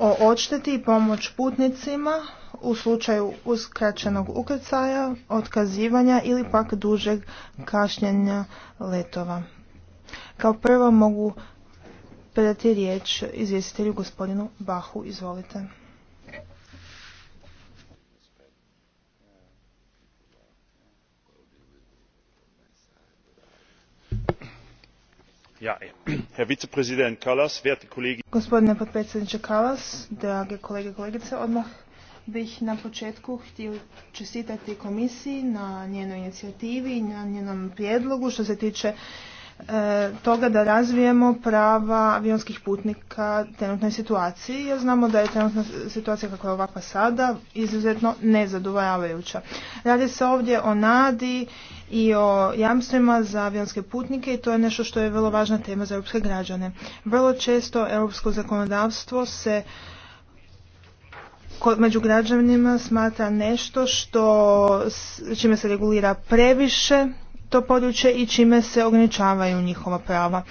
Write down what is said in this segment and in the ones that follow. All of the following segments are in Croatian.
o odšteti i pomoć putnicima u slučaju uskraćenog ukrcaja, otkazivanja ili pak dužeg kašnjenja letova. Kao prvo mogu predati riječ izvjestitelju gospodinu Bahu. Izvolite. Ja, gospodine potpredsjedniče kallas drage kolege i kolegice odmah bih na početku htio čestitati komisiji na njenoj inicijativi i na njenom prijedlogu što se tiče E, toga da razvijemo prava avionskih putnika trenutnoj situaciji jer znamo da je trenutna situacija kakva je ovakva sada izuzetno nezadovoljavajuća. Radi se ovdje o nadi i o jamstvima za avionske putnike i to je nešto što je vrlo važna tema za europske građane. Vrlo često europsko zakonodavstvo se među građanima smatra nešto što čime se regulira previše to područje i čime se ograničavaju njihova prava.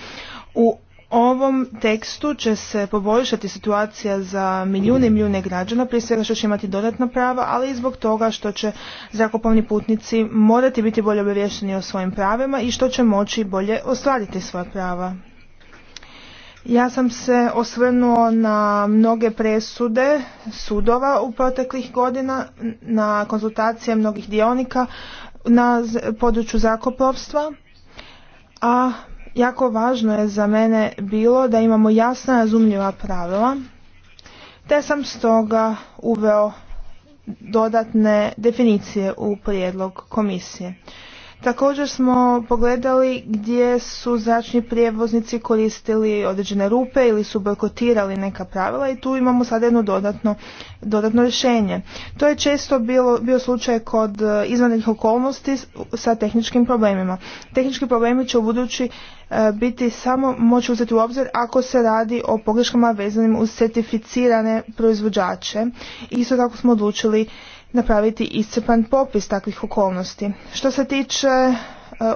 U ovom tekstu će se poboljšati situacija za milijune i milijune građana, prije svega što će imati dodatna prava, ali i zbog toga što će zrakoplovni putnici morati biti bolje obavješteni o svojim pravima i što će moći bolje ostvariti svoja prava. Ja sam se osvrnuo na mnoge presude sudova u proteklih godina, na konzultacije mnogih dionika, na području zakoplovstva, a jako važno je za mene bilo da imamo jasna razumljiva pravila, te sam stoga uveo dodatne definicije u prijedlog komisije. Također smo pogledali gdje su zračni prijevoznici koristili određene rupe ili su bojkotirali neka pravila i tu imamo sada jedno dodatno, dodatno rješenje. To je često bilo, bio slučaj kod e, izvanrednih okolnosti sa tehničkim problemima. Tehnički problemi će u budući e, biti samo moći uzeti u obzir ako se radi o pogreškama vezanim uz certificirane proizvođače. Isto tako smo odlučili napraviti iscrpan popis takvih okolnosti. Što se tiče e,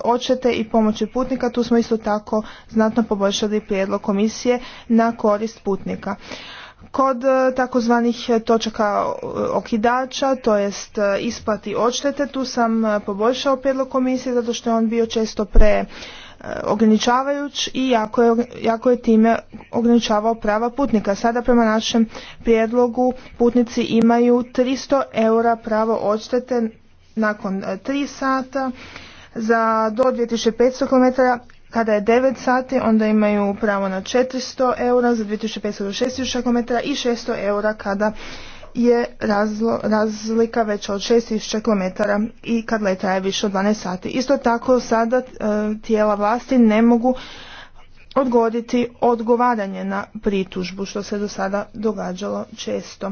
očete i pomoći putnika, tu smo isto tako znatno poboljšali prijedlog komisije na korist putnika. Kod e, takozvanih e, točaka okidača, to jest isplati odštete, tu sam poboljšao prijedlog komisije zato što je on bio često pre ograničavajuć i jako je, jako je time ograničavao prava putnika. Sada prema našem prijedlogu putnici imaju 300 eura pravo odštete nakon 3 e, sata za do 2500 km kada je 9 sati onda imaju pravo na 400 eura za 2500 do 6000 km i 600 eura kada je razlika već od 6000 km i kad leta traje više od 12 sati. Isto tako sada e, tijela vlasti ne mogu odgoditi odgovaranje na pritužbu što se do sada događalo često.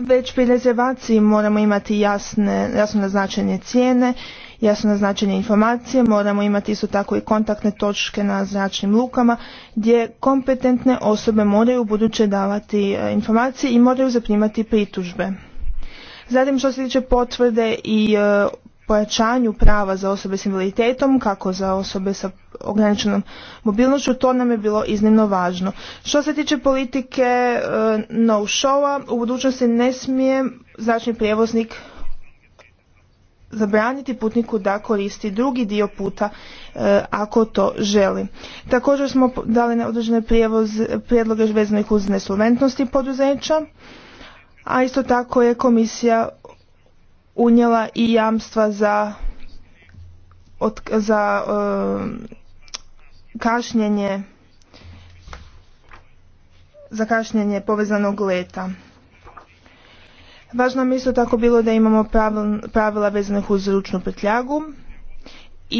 Već pri rezervaciji moramo imati jasne, jasno naznačene cijene jasno naznačenje informacije, moramo imati isto tako i kontaktne točke na zračnim lukama gdje kompetentne osobe moraju buduće davati e, informacije i moraju zaprimati pritužbe. Zatim što se tiče potvrde i e, pojačanju prava za osobe s invaliditetom, kako za osobe sa ograničenom mobilnošću, to nam je bilo iznimno važno. Što se tiče politike e, no showa, u budućnosti ne smije zračni prijevoznik zabraniti putniku da koristi drugi dio puta e, ako to želi. Također smo dali na određene prijevoz, prijedloge vezanih uz nesolventnosti poduzeća, a isto tako je komisija unijela i jamstva za, za e, kašnjenje za kašnjenje povezanog leta. Važno mi isto tako bilo da imamo pravila vezanih uz ručnu petljagu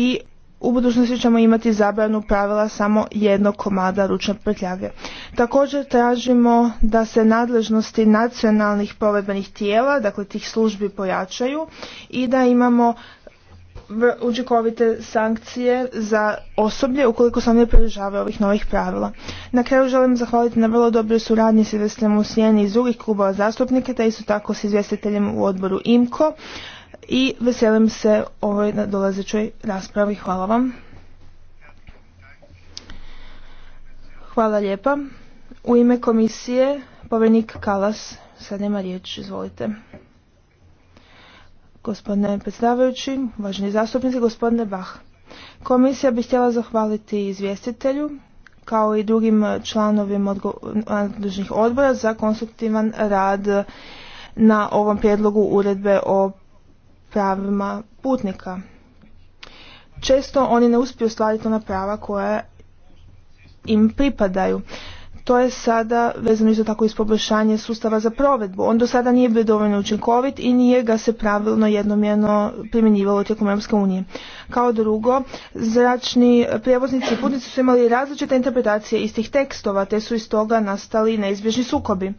i u budućnosti ćemo imati zabranu pravila samo jednog komada ručne petljage. Također tražimo da se nadležnosti nacionalnih provedbenih tijela, dakle tih službi pojačaju i da imamo učinkovite sankcije za osoblje ukoliko sam ne pridržavaju ovih novih pravila. Na kraju želim zahvaliti na vrlo dobroj suradnji s izvjestiteljem u Sijeni iz drugih klubova zastupnika, te isto tako s izvjestiteljem u odboru IMKO i veselim se ovoj nadolazećoj raspravi. Hvala vam. Hvala lijepa. U ime komisije povjerenik Kalas, sad nema riječ, izvolite. Gospodine predsjedavajući, uvaženi zastupnici, gospodine Bach. Komisija bi htjela zahvaliti izvjestitelju kao i drugim članovima nadležnih odbora za konstruktivan rad na ovom prijedlogu uredbe o pravima putnika. Često oni ne uspiju ostvariti ona prava koja im pripadaju. To je sada vezano isto tako iz poboljšanje sustava za provedbu. On do sada nije bio dovoljno učinkovit i nije ga se pravilno jednomjerno primjenjivalo tijekom Europske unije. Kao drugo, zračni prijevoznici i putnici su imali različite interpretacije istih tekstova, te su iz toga nastali neizbježni sukobi.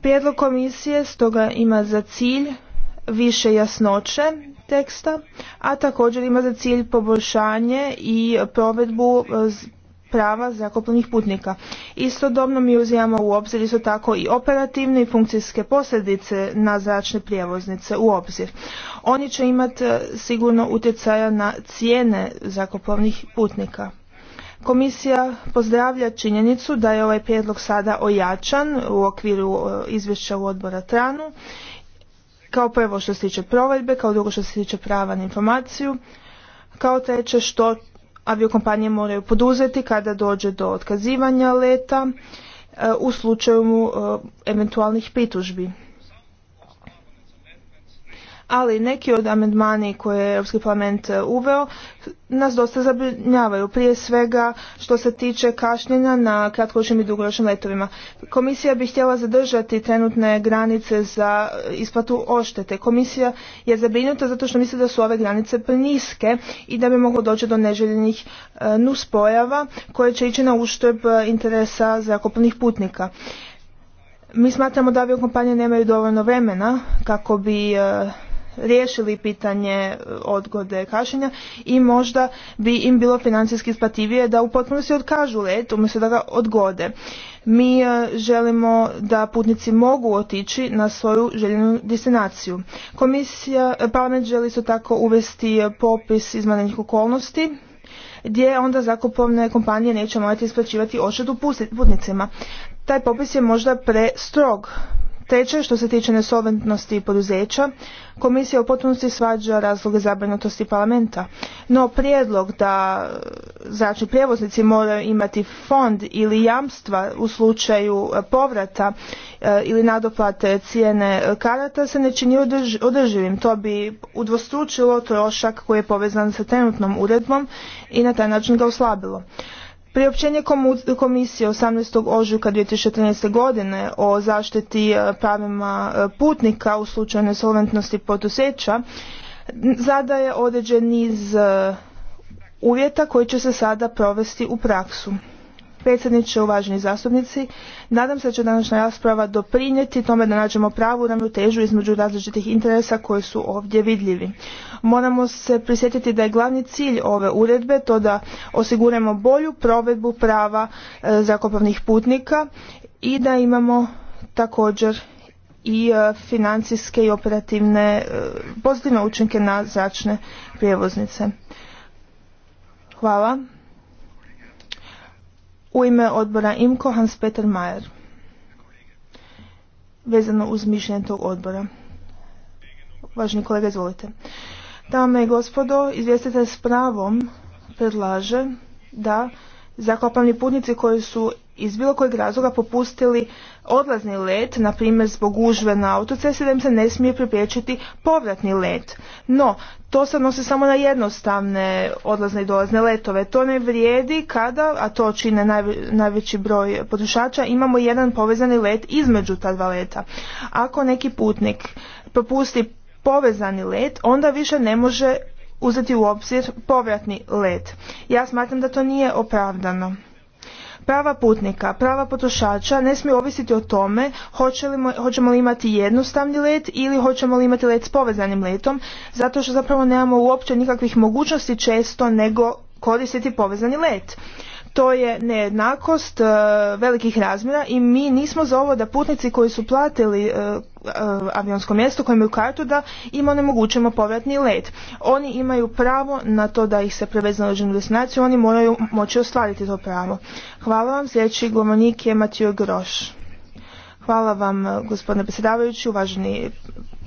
Prijedlog komisije stoga ima za cilj više jasnoće teksta, a također ima za cilj poboljšanje i provedbu prava zrakoplovnih putnika. Istodobno mi uzimamo u obzir isto tako i operativne i funkcijske posljedice na zračne prijevoznice u obzir. Oni će imati e, sigurno utjecaja na cijene zrakoplovnih putnika. Komisija pozdravlja činjenicu da je ovaj prijedlog sada ojačan u okviru e, izvješća u odbora Tranu, kao prvo što se tiče provedbe, kao drugo što se tiče prava na informaciju, kao treće što aviokompanije moraju poduzeti kada dođe do otkazivanja leta e, u slučaju e, eventualnih pritužbi ali neki od amendmani koje je Europski parlament e, uveo nas dosta zabrinjavaju. Prije svega što se tiče kašnjenja na kratkoročnim i dugoročnim letovima. Komisija bi htjela zadržati trenutne granice za e, isplatu oštete. Komisija je zabrinuta zato što misli da su ove granice preniske i da bi moglo doći do neželjenih e, nuspojava koje će ići na uštrb interesa zrakoplovnih putnika. Mi smatramo da kompanije nemaju dovoljno vremena kako bi riješili pitanje e, odgode kašenja i možda bi im bilo financijski isplativije da u potpunosti odkažu let umjesto da ga odgode. Mi e, želimo da putnici mogu otići na svoju željenu destinaciju. Komisija e, parlament želi isto tako uvesti popis izmanjenih okolnosti gdje onda zakupovne kompanije neće morati isplaćivati očetu putnicima. Taj popis je možda prestrog Treće, što se tiče nesolventnosti poduzeća, komisija u potpunosti svađa razloge zabrinutosti parlamenta. No prijedlog da e, zračni prijevoznici moraju imati fond ili jamstva u slučaju e, povrata e, ili nadoplate cijene karata se ne čini održivim. To bi udvostručilo trošak koji je povezan sa trenutnom uredbom i na taj način ga oslabilo. Priopćenje komisije 18. ožujka 2014. godine o zaštiti e, pravima e, putnika u slučaju nesolventnosti poduzeća zadaje određen niz e, uvjeta koji će se sada provesti u praksu predsjedniče, uvaženi zastupnici. Nadam se da će današnja rasprava doprinijeti tome da nađemo pravu ravnotežu između različitih interesa koji su ovdje vidljivi. Moramo se prisjetiti da je glavni cilj ove uredbe to da osiguramo bolju provedbu prava e, zakopavnih putnika i da imamo također i e, financijske i operativne e, pozitivne učinke na zračne prijevoznice. Hvala. U ime odbora IMKO Hans-Peter Majer. Vezano uz mišljenje tog odbora. Važni kolega, izvolite. Dame i gospodo, izvjestitelj s pravom predlaže da zaklapani putnici koji su iz bilo kojeg razloga popustili odlazni let, na primjer zbog užve na autocesti, da im se ne smije pripriječiti povratni let. No, to se odnosi samo na jednostavne odlazne i dolazne letove. To ne vrijedi kada, a to čine najveći broj potrošača, imamo jedan povezani let između ta dva leta. Ako neki putnik propusti povezani let, onda više ne može uzeti u obzir povratni let. Ja smatram da to nije opravdano. Prava putnika, prava potrošača ne smiju ovisiti o tome hoćemo, hoćemo li imati jednostavni let ili hoćemo li imati let s povezanim letom, zato što zapravo nemamo uopće nikakvih mogućnosti često nego koristiti povezani let. To je nejednakost e, velikih razmjera i mi nismo za ovo da putnici koji su platili e, e, avionsko mjesto koje imaju kartu da im onemogućimo povratni let. Oni imaju pravo na to da ih se preveze na određenu destinaciju, oni moraju moći ostvariti to pravo. Hvala vam, sljedeći govornik je Matio Groš. Hvala vam gospodine predsjedavajući, uvaženi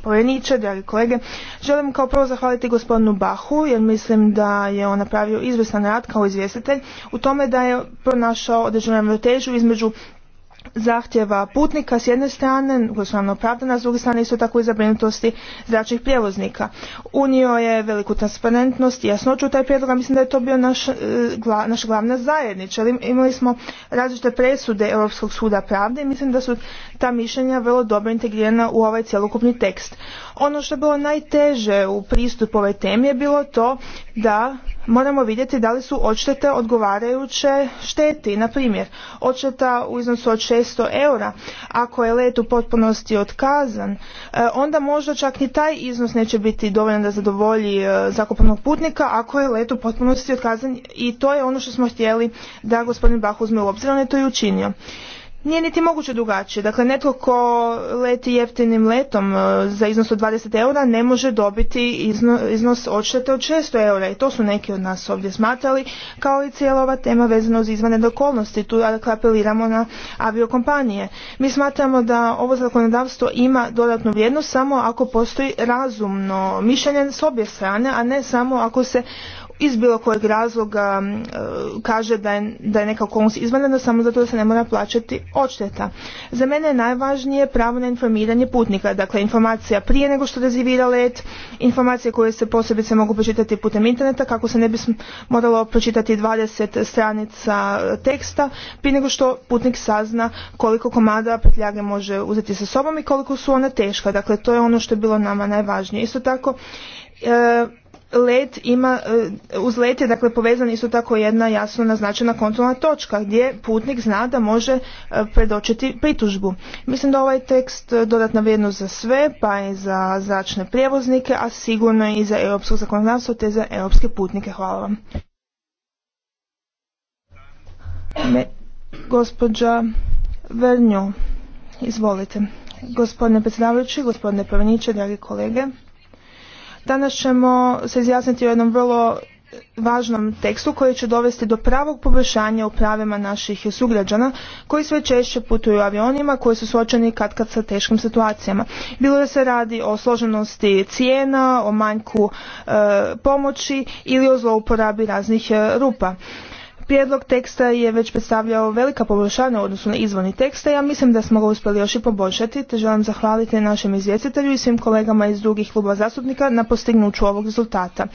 povjereniče, dragi kolege. Želim kao prvo zahvaliti gospodinu Bahu jer mislim da je on napravio izvrstan rad kao izvjestitelj u tome da je pronašao određenu ravnotežu između zahtjeva putnika s jedne strane, koje pravda, opravdana, s druge strane isto tako i zabrinutosti zračnih prijevoznika. Unio je veliku transparentnost i jasnoću taj prijedlog, a mislim da je to bio naš, e, naša glavna zajednica. Imali smo različite presude Europskog suda pravde i mislim da su ta mišljenja vrlo dobro integrirana u ovaj cjelokupni tekst. Ono što je bilo najteže u pristupu ove temi je bilo to da moramo vidjeti da li su odštete odgovarajuće šteti. Na primjer, odšteta u iznosu od 600 eura, ako je let u potpunosti otkazan, e, onda možda čak ni taj iznos neće biti dovoljan da zadovolji e, zakopanog putnika ako je let u potpunosti otkazan i to je ono što smo htjeli da gospodin Bah uzme u obzir, on je to i učinio nije niti moguće drugačije. Dakle, netko ko leti jeftinim letom e, za iznos od 20 eura ne može dobiti iznos odštete od 600 eura i to su neki od nas ovdje smatrali, kao i cijela ova tema vezana uz izvanredne okolnosti. Tu dakle, apeliramo na aviokompanije. Mi smatramo da ovo zakonodavstvo ima dodatnu vrijednost samo ako postoji razumno mišljenje s obje strane, a ne samo ako se iz bilo kojeg razloga e, kaže da je, da neka okolnost izvanredna samo zato da se ne mora plaćati odšteta. Za mene je najvažnije pravo na informiranje putnika, dakle informacija prije nego što rezivira let, informacije koje se posebice mogu pročitati putem interneta kako se ne bi moralo pročitati 20 stranica teksta prije nego što putnik sazna koliko komada prtljage može uzeti sa sobom i koliko su ona teška. Dakle, to je ono što je bilo nama najvažnije. Isto tako, e, let ima, e, uz let je dakle povezan isto tako jedna jasno naznačena kontrolna točka gdje putnik zna da može e, predočiti pritužbu. Mislim da ovaj tekst e, dodatna vrijednost za sve, pa i za zračne prijevoznike, a sigurno i za europsko zakonodavstvo te za europske putnike. Hvala vam. Me, gospođa Vernjo, izvolite. Gospodine predsjedavajući, gospodine prveniče, dragi kolege. Danas ćemo se izjasniti o jednom vrlo važnom tekstu koji će dovesti do pravog poboljšanja u pravima naših sugrađana koji sve češće putuju avionima koji su suočeni katkad sa teškim situacijama. Bilo da se radi o složenosti cijena, o manjku e, pomoći ili o zlouporabi raznih e, rupa. Prijedlog teksta je već predstavljao velika poboljšanja u odnosu na izvorni teksta. Ja mislim da smo ga uspjeli još i poboljšati, te želim zahvaliti našem izvjestitelju i svim kolegama iz drugih kluba zastupnika na postignuću ovog rezultata.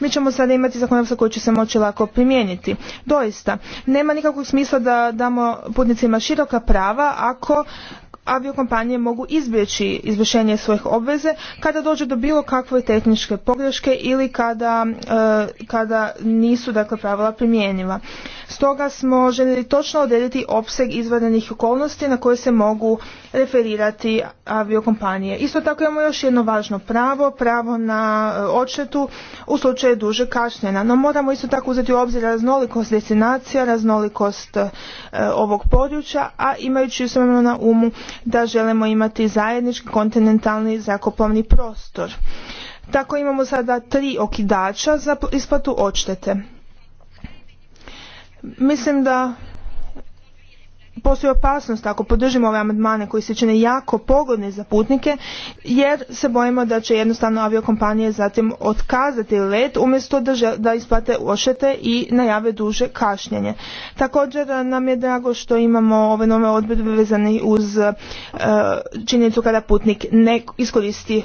Mi ćemo sada imati zakonodavstvo koje će se moći lako primijeniti. Doista, nema nikakvog smisla da damo putnicima široka prava ako aviokompanije mogu izbjeći izvršenje svojih obveze kada dođe do bilo kakve tehničke pogreške ili kada, e, kada nisu dakle pravila primjenjiva. Stoga smo željeli točno odrediti opseg izvanrednih okolnosti na koje se mogu referirati aviokompanije. Isto tako imamo još jedno važno pravo, pravo na e, odštetu u slučaju duže kašnjena. No moramo isto tako uzeti u obzir raznolikost destinacija, raznolikost e, ovog područja, a imajući istovremeno na umu da želimo imati zajednički kontinentalni zrakoplovni prostor. Tako imamo sada tri okidača za isplatu odštete. Mislim da postoji opasnost ako podržimo ove amandmane koji se čine jako pogodne za putnike jer se bojimo da će jednostavno aviokompanije zatim otkazati let umjesto da, isplate ošete i najave duže kašnjenje. Također eh, nam je drago što imamo ove nove odredbe vezane uz eh, činjenicu kada putnik ne iskoristi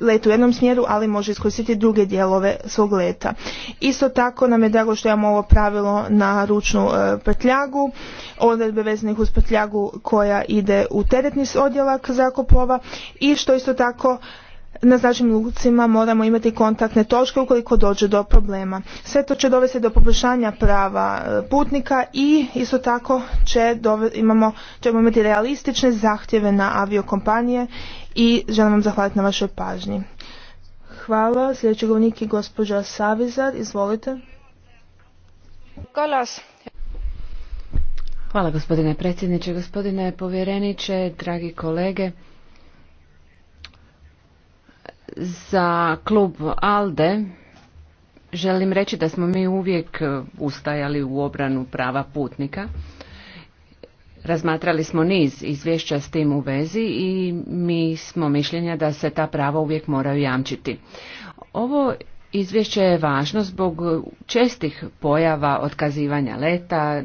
let u jednom smjeru, ali može iskoristiti druge dijelove svog leta. Isto tako nam je drago što imamo ovo pravilo na ručnu e, prtljagu, odredbe vezanih uz prtljagu koja ide u teretni odjelak zakopova i što isto tako na zračnim lucima moramo imati kontaktne točke ukoliko dođe do problema. Sve to će dovesti do poboljšanja prava e, putnika i isto tako će imamo, ćemo imati realistične zahtjeve na aviokompanije i želim vam zahvaliti na vašoj pažnji. Hvala. Sljedeći govornik je gospođa Savizar. Izvolite. Hvala gospodine predsjedniče, gospodine povjereniče, dragi kolege. Za klub ALDE želim reći da smo mi uvijek ustajali u obranu prava putnika Razmatrali smo niz izvješća s tim u vezi i mi smo mišljenja da se ta prava uvijek moraju jamčiti. Ovo izvješće je važno zbog čestih pojava otkazivanja leta,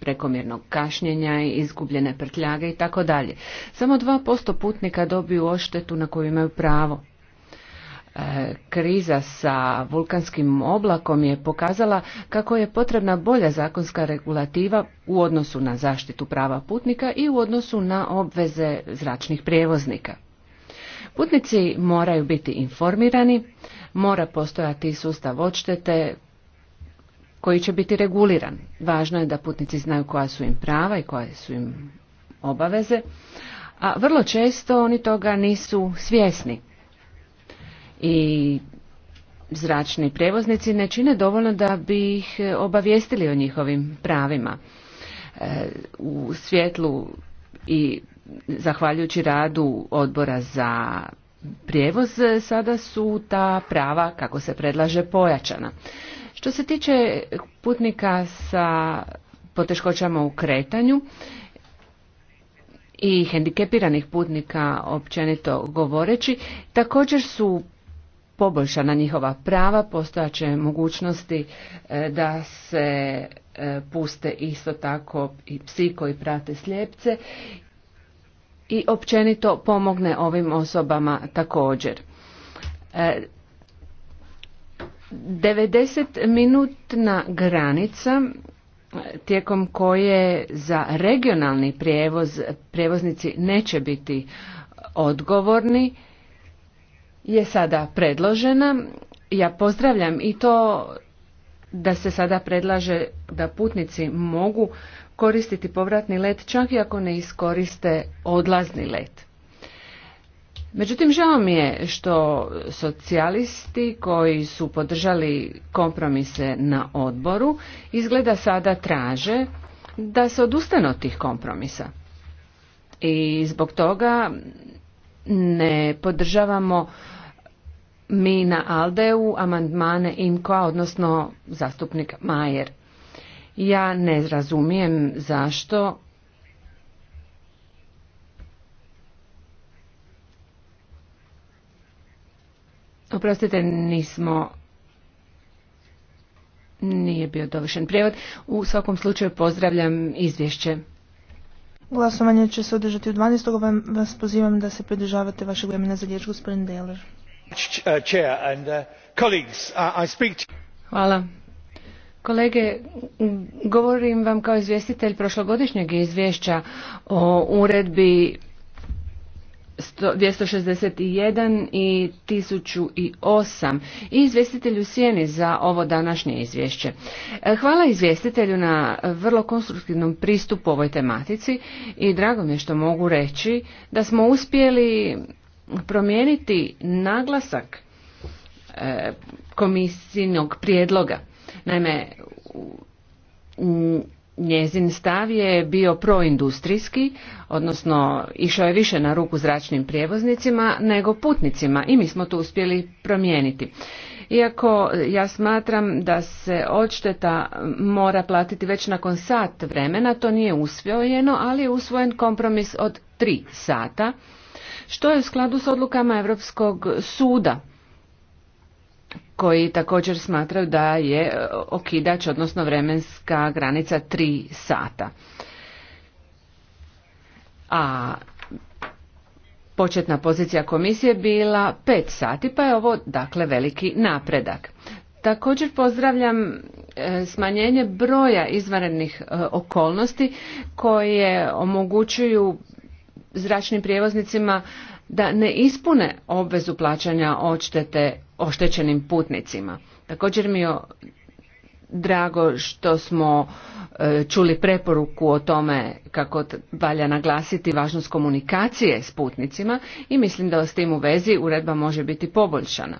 prekomjernog kašnjenja, izgubljene prtljage i tako dalje. Samo 2% putnika dobiju odštetu na koju imaju pravo. E, kriza sa vulkanskim oblakom je pokazala kako je potrebna bolja zakonska regulativa u odnosu na zaštitu prava putnika i u odnosu na obveze zračnih prijevoznika. Putnici moraju biti informirani, mora postojati sustav odštete koji će biti reguliran. Važno je da putnici znaju koja su im prava i koje su im obaveze, a vrlo često oni toga nisu svjesni i zračni prevoznici ne čine dovoljno da bi ih obavijestili o njihovim pravima. E, u svjetlu i zahvaljujući radu odbora za prijevoz e, sada su ta prava kako se predlaže pojačana. Što se tiče putnika sa poteškoćama u kretanju i hendikepiranih putnika općenito govoreći, također su poboljšana njihova prava, postojaće mogućnosti e, da se e, puste isto tako i psi koji prate slijepce i općenito pomogne ovim osobama također. 90 e, minutna granica tijekom koje za regionalni prijevoz prijevoznici neće biti odgovorni je sada predložena. Ja pozdravljam i to da se sada predlaže da putnici mogu koristiti povratni let čak i ako ne iskoriste odlazni let. Međutim, žao mi je što socijalisti koji su podržali kompromise na odboru izgleda sada traže da se odustane od tih kompromisa. I zbog toga ne podržavamo mi na Aldeu amandmane Imkoa, odnosno zastupnik Majer. Ja ne razumijem zašto Oprostite, nismo nije bio dovršen prijevod. U svakom slučaju pozdravljam izvješće. Glasovanje će se održati u 12. vas pozivam da se pridržavate vašeg vremena za riječ, gospodin Uh, hvala. Kolege, govorim vam kao izvjestitelj prošlogodišnjeg izvješća o uredbi 261 i 1008 i izvjestitelju Sjeni za ovo današnje izvješće. E, hvala izvjestitelju na vrlo konstruktivnom pristupu ovoj tematici i drago mi je što mogu reći da smo uspjeli promijeniti naglasak e, komisijnog prijedloga. Naime, njezin stav je bio proindustrijski, odnosno išao je više na ruku zračnim prijevoznicima nego putnicima i mi smo to uspjeli promijeniti. Iako ja smatram da se odšteta mora platiti već nakon sat vremena, to nije usvojeno, ali je usvojen kompromis od tri sata što je u skladu s odlukama Europskog suda koji također smatraju da je e, okidač, odnosno vremenska granica tri sata. A početna pozicija komisije bila pet sati, pa je ovo dakle veliki napredak. Također pozdravljam e, smanjenje broja izvanrednih e, okolnosti koje omogućuju zračnim prijevoznicima da ne ispune obvezu plaćanja odštete oštećenim putnicima. Također mi je drago što smo e, čuli preporuku o tome kako valja naglasiti važnost komunikacije s putnicima i mislim da s tim u vezi uredba može biti poboljšana.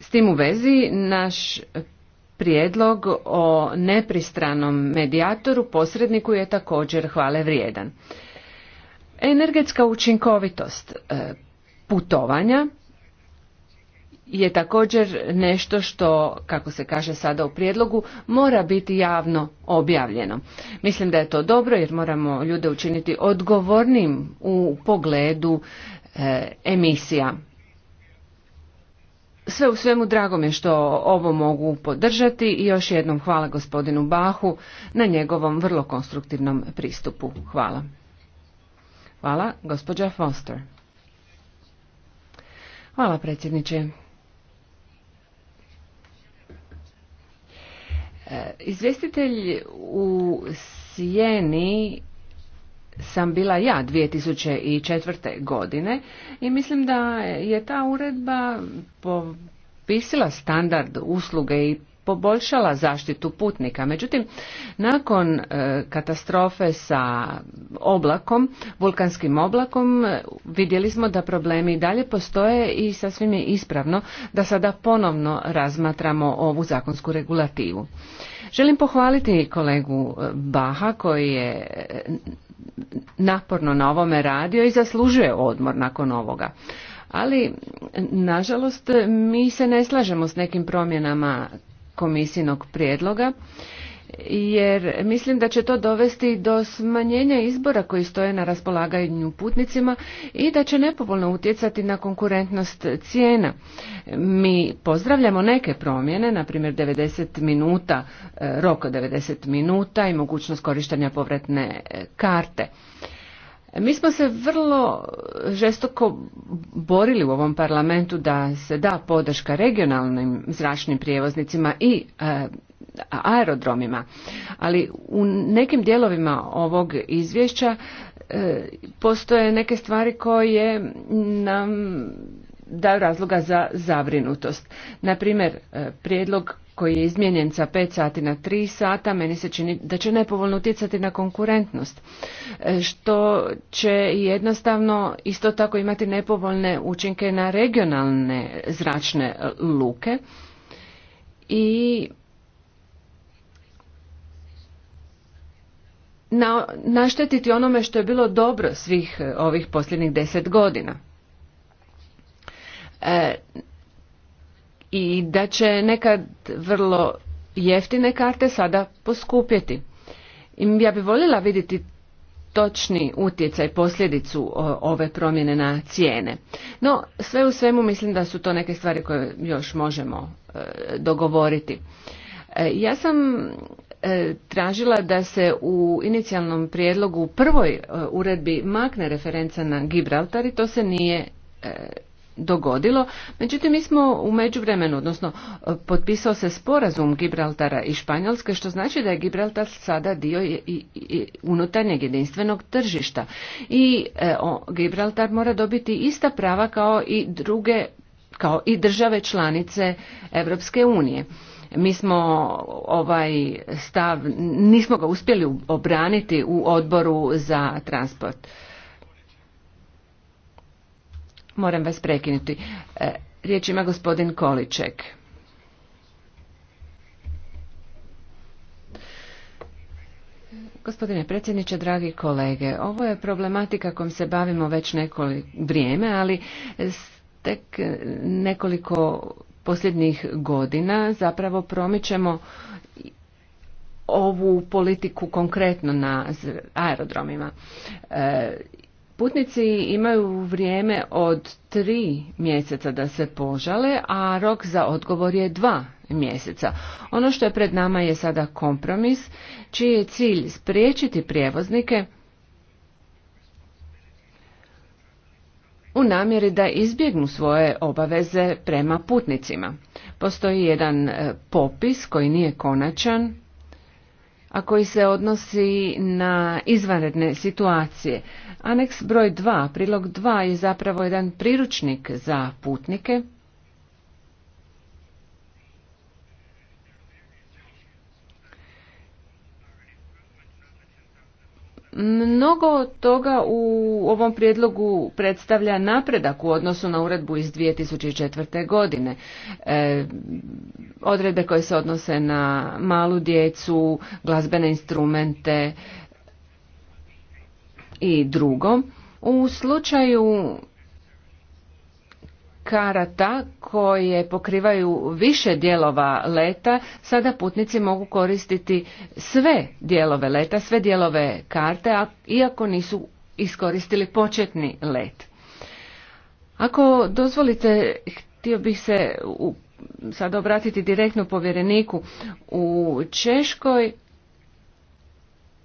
S tim u vezi naš prijedlog o nepristranom medijatoru posredniku je također hvale vrijedan. Energetska učinkovitost e, putovanja je također nešto što, kako se kaže sada u prijedlogu, mora biti javno objavljeno. Mislim da je to dobro jer moramo ljude učiniti odgovornim u pogledu e, emisija. Sve u svemu drago mi je što ovo mogu podržati i još jednom hvala gospodinu Bahu na njegovom vrlo konstruktivnom pristupu. Hvala. Hvala, gospođa Foster. Hvala, predsjedniče. E, izvjestitelj u Sijeni sam bila ja 2004. godine i mislim da je ta uredba popisila standard usluge i poboljšala zaštitu putnika. Međutim, nakon e, katastrofe sa oblakom, vulkanskim oblakom, e, vidjeli smo da problemi i dalje postoje i sasvim je ispravno da sada ponovno razmatramo ovu zakonsku regulativu. Želim pohvaliti kolegu e, Baha koji je naporno na ovome radio i zaslužuje odmor nakon ovoga. Ali, nažalost, mi se ne slažemo s nekim promjenama komisijnog prijedloga jer mislim da će to dovesti do smanjenja izbora koji stoje na raspolaganju putnicima i da će nepovoljno utjecati na konkurentnost cijena. Mi pozdravljamo neke promjene, na primjer 90 minuta, eh, rok od 90 minuta i mogućnost korištenja povratne eh, karte. Mi smo se vrlo žestoko borili u ovom parlamentu da se da podrška regionalnim zračnim prijevoznicima i e, aerodromima, ali u nekim dijelovima ovog izvješća e, postoje neke stvari koje nam daju razloga za zabrinutost. Naprimjer, e, prijedlog koji je izmijenjen sa 5 sati na 3 sata, meni se čini da će nepovoljno utjecati na konkurentnost, e, što će jednostavno isto tako imati nepovoljne učinke na regionalne zračne luke i naštetiti onome što je bilo dobro svih e, ovih posljednjih deset godina. E, i da će nekad vrlo jeftine karte sada poskupjeti. ja bi voljela vidjeti točni utjecaj posljedicu ove promjene na cijene. No, sve u svemu mislim da su to neke stvari koje još možemo e, dogovoriti. E, ja sam e, tražila da se u inicijalnom prijedlogu u prvoj uredbi makne referenca na Gibraltar i to se nije dogodilo. Međutim, mi smo u međuvremenu, odnosno e, potpisao se sporazum Gibraltara i Španjolske, što znači da je Gibraltar sada dio i, i, unutarnjeg jedinstvenog tržišta. I e, Gibraltar mora dobiti ista prava kao i druge kao i države članice Europske unije. Mi smo ovaj stav, nismo ga uspjeli obraniti u odboru za transport. Moram vas prekinuti. E, riječ ima gospodin Količek. Gospodine predsjedniče, dragi kolege, ovo je problematika kojom se bavimo već nekoliko vrijeme, ali tek nekoliko posljednjih godina zapravo promičemo ovu politiku konkretno na aerodromima. E, Putnici imaju vrijeme od tri mjeseca da se požale, a rok za odgovor je dva mjeseca. Ono što je pred nama je sada kompromis, čiji je cilj spriječiti prijevoznike u namjeri da izbjegnu svoje obaveze prema putnicima. Postoji jedan e, popis koji nije konačan, a koji se odnosi na izvanredne situacije. Aneks broj 2, prilog 2 je zapravo jedan priručnik za putnike Mnogo toga u ovom prijedlogu predstavlja napredak u odnosu na uredbu iz 2004. godine. E, odredbe koje se odnose na malu djecu, glazbene instrumente i drugo. U slučaju karata koje pokrivaju više dijelova leta, sada putnici mogu koristiti sve dijelove leta, sve dijelove karte, iako nisu iskoristili početni let. Ako dozvolite, htio bih se sada sad obratiti direktno povjereniku u Češkoj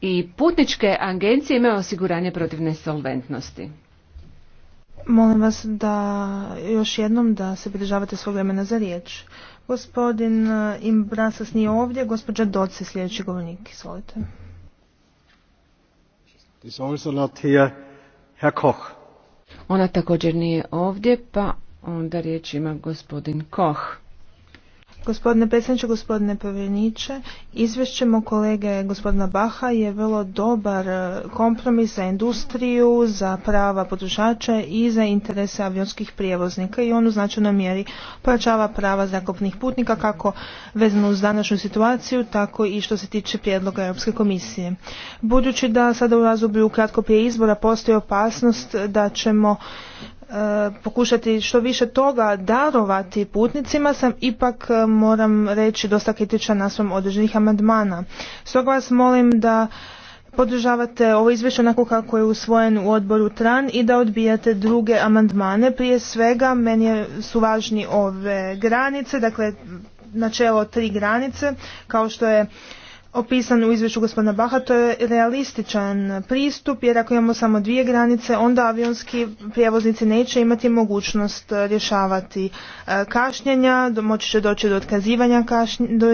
i putničke agencije imaju osiguranje protiv nesolventnosti. Molim vas da još jednom da se pridržavate svog vremena za riječ. Gospodin eh, Imbrasas nije ovdje, gospođa Doce sljedeći govornik. Izvolite. Ona također nije ovdje, pa onda riječ ima gospodin Koch. Gospodine predsjedniče, gospodine povjerniče, izvješće kolege gospodina Baha je vrlo dobar e, kompromis za industriju, za prava potrošača i za interese avionskih prijevoznika i on u značajnoj mjeri pojačava prava zakopnih putnika kako vezano uz današnju situaciju, tako i što se tiče prijedloga Europske komisije. Budući da sada u razdoblju kratko prije izbora postoji opasnost da ćemo E, pokušati što više toga darovati putnicima sam ipak e, moram reći dosta kritičan na svom određenih amandmana. Stoga vas molim da podržavate ovo izvješće onako kako je usvojen u odboru TRAN i da odbijate druge amandmane. Prije svega meni su važni ove granice, dakle načelo tri granice kao što je opisan u izvješću gospodina Baha, to je realističan pristup, jer ako imamo samo dvije granice, onda avionski prijevoznici neće imati mogućnost eh, rješavati eh, kašnjenja, moći će doći do otkazivanja, kašnj, do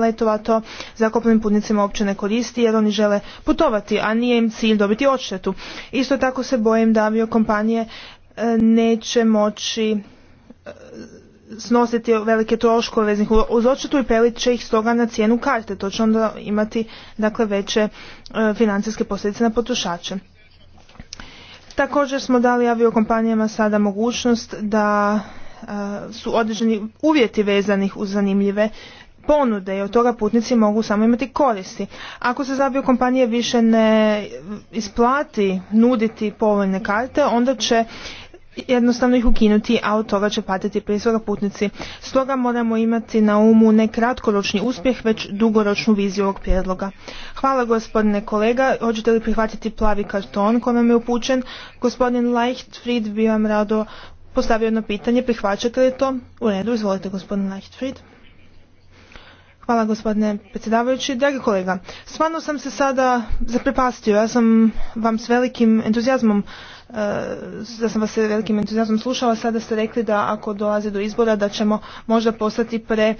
letova, to zakupnim putnicima uopće ne koristi, jer oni žele putovati, a nije im cilj dobiti odštetu. Isto tako se bojim da aviokompanije eh, neće moći snositi velike troškove veznih uz očitu i pelit će ih stoga na cijenu karte. To će onda imati dakle, veće e, financijske posljedice na potrošače. Također smo dali aviokompanijama sada mogućnost da e, su određeni uvjeti vezanih uz zanimljive ponude i od toga putnici mogu samo imati koristi. Ako se zabio kompanije više ne isplati nuditi povoljne karte, onda će jednostavno ih ukinuti, a od toga će patiti prije svega putnici. Stoga moramo imati na umu ne kratkoročni uspjeh, već dugoročnu viziju ovog prijedloga. Hvala gospodine kolega, hoćete li prihvatiti plavi karton koji vam je upućen? Gospodin Leichtfried bi vam rado postavio jedno pitanje, prihvaćate li to? U redu, izvolite gospodin Leichtfried. Hvala gospodine predsjedavajući. Dragi kolega, stvarno sam se sada zaprepastio. Ja sam vam s velikim entuzijazmom Eh, da sam vas velikim entuzijazmom slušala, sada ste rekli da ako dolazi do izbora da ćemo možda postati pre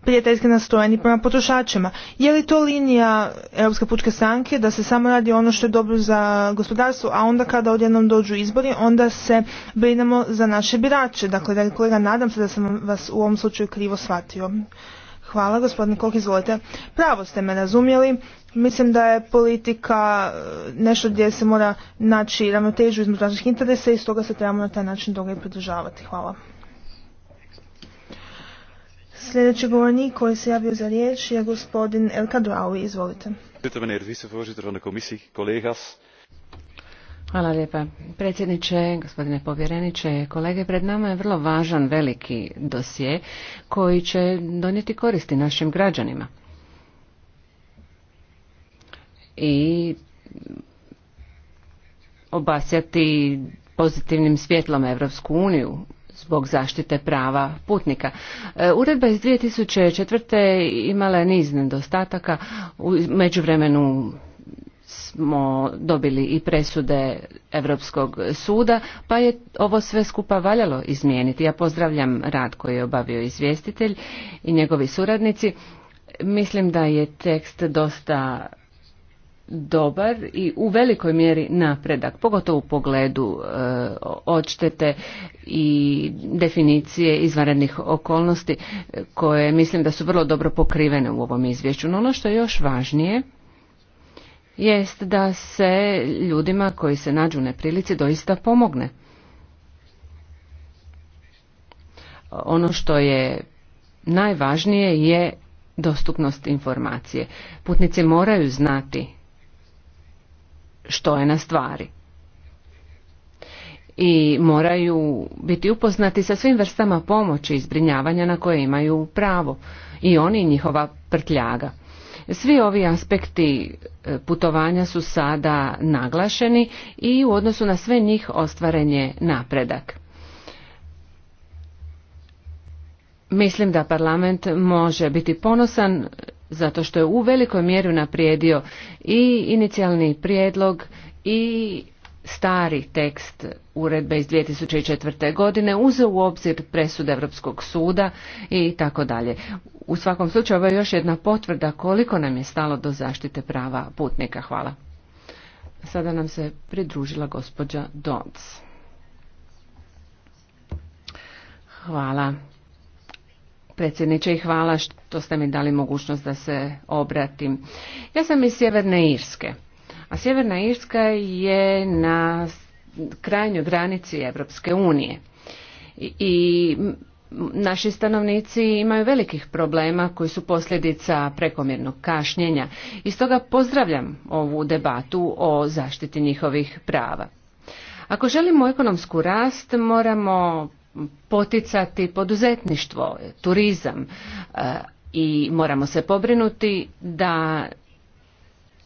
prijateljski nastrojeni prema potrošačima. Je li to linija Europske pučke stranke da se samo radi ono što je dobro za gospodarstvo, a onda kada odjednom dođu izbori, onda se brinemo za naše birače. Dakle, kolega, nadam se da sam vas u ovom slučaju krivo shvatio. Hvala, gospodine Kok, izvolite. Pravo ste me razumjeli, Mislim da je politika e, nešto gdje se mora naći ravnotežu između naših interesa i stoga se trebamo na taj način toga i pridržavati. Hvala. Sljedeći govornik koji se javio za riječ je gospodin Elka Izvolite. Hvala lijepa. Predsjedniče, gospodine povjereniče, kolege, pred nama je vrlo važan veliki dosje koji će donijeti koristi našim građanima i obasjati pozitivnim svjetlom Evropsku uniju zbog zaštite prava putnika. E, uredba iz 2004. imala je niz nedostataka. U međuvremenu smo dobili i presude Europskog suda, pa je ovo sve skupa valjalo izmijeniti. Ja pozdravljam rad koji je obavio izvjestitelj i njegovi suradnici. Mislim da je tekst dosta dobar i u velikoj mjeri napredak, pogotovo u pogledu e, odštete i definicije izvanrednih okolnosti e, koje mislim da su vrlo dobro pokrivene u ovom izvješću. No ono što je još važnije jest da se ljudima koji se nađu u neprilici doista pomogne. Ono što je najvažnije je dostupnost informacije. Putnici moraju znati što je na stvari i moraju biti upoznati sa svim vrstama pomoći i zbrinjavanja na koje imaju pravo i oni i njihova prtljaga. Svi ovi aspekti e, putovanja su sada naglašeni i u odnosu na sve njih ostvaren je napredak. Mislim da parlament može biti ponosan zato što je u velikoj mjeri naprijedio i inicijalni prijedlog i stari tekst uredbe iz 2004. godine uzeo u obzir presud Europskog suda i tako dalje. U svakom slučaju ovo je još jedna potvrda koliko nam je stalo do zaštite prava putnika. Hvala. Sada nam se pridružila gospođa donc Hvala predsjedniče i hvala što ste mi dali mogućnost da se obratim. Ja sam iz Sjeverne Irske, a Sjeverna Irska je na krajnjoj granici Evropske unije i naši stanovnici imaju velikih problema koji su posljedica prekomjernog kašnjenja i stoga pozdravljam ovu debatu o zaštiti njihovih prava. Ako želimo ekonomsku rast, moramo poticati poduzetništvo, turizam e, i moramo se pobrinuti da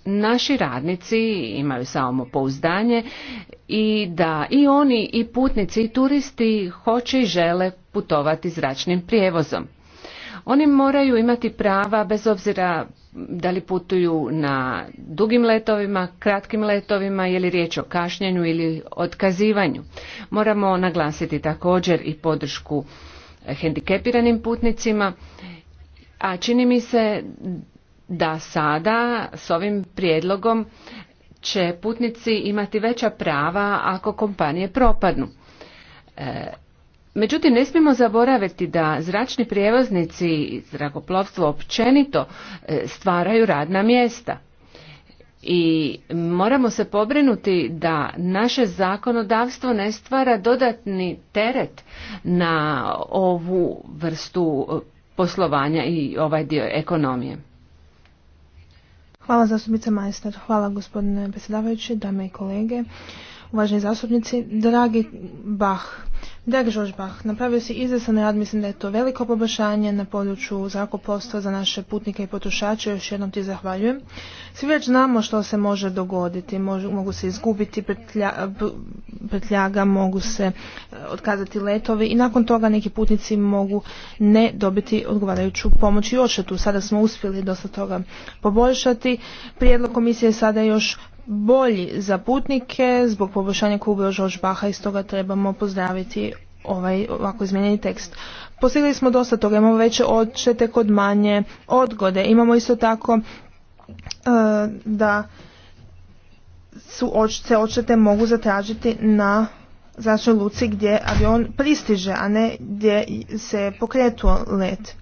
naši radnici imaju samo pouzdanje i da i oni i putnici i turisti hoće i žele putovati zračnim prijevozom. Oni moraju imati prava bez obzira da li putuju na dugim letovima, kratkim letovima, je li riječ o kašnjenju ili otkazivanju. Moramo naglasiti također i podršku hendikepiranim putnicima, a čini mi se da sada s ovim prijedlogom će putnici imati veća prava ako kompanije propadnu. E, Međutim, ne smijemo zaboraviti da zračni prijevoznici i zrakoplovstvo općenito e, stvaraju radna mjesta. I moramo se pobrinuti da naše zakonodavstvo ne stvara dodatni teret na ovu vrstu e, poslovanja i ovaj dio ekonomije. Hvala zastupnice Majster, hvala gospodine predsjedavajući, dame i kolege. Uvaženi zastupnici, dragi Bach, dragi Žož Bach, napravio si izvrstan rad, mislim da je to veliko poboljšanje na području zrakoplovstva za naše putnike i potrošače, još jednom ti zahvaljujem. Svi već znamo što se može dogoditi, mogu se izgubiti pretljaga, mogu se eh, otkazati letovi i nakon toga neki putnici mogu ne dobiti odgovarajuću pomoć i tu, Sada smo uspjeli dosta toga poboljšati. Prijedlog komisije je sada još bolji za putnike zbog poboljšanja kluba Žožbaha i stoga trebamo pozdraviti ovaj ovako izmijenjeni tekst. Postigli smo dosta toga, imamo veće odštete kod manje odgode. Imamo isto tako e, da su se odštete mogu zatražiti na zračnoj luci gdje avion pristiže, a ne gdje se pokretuo let.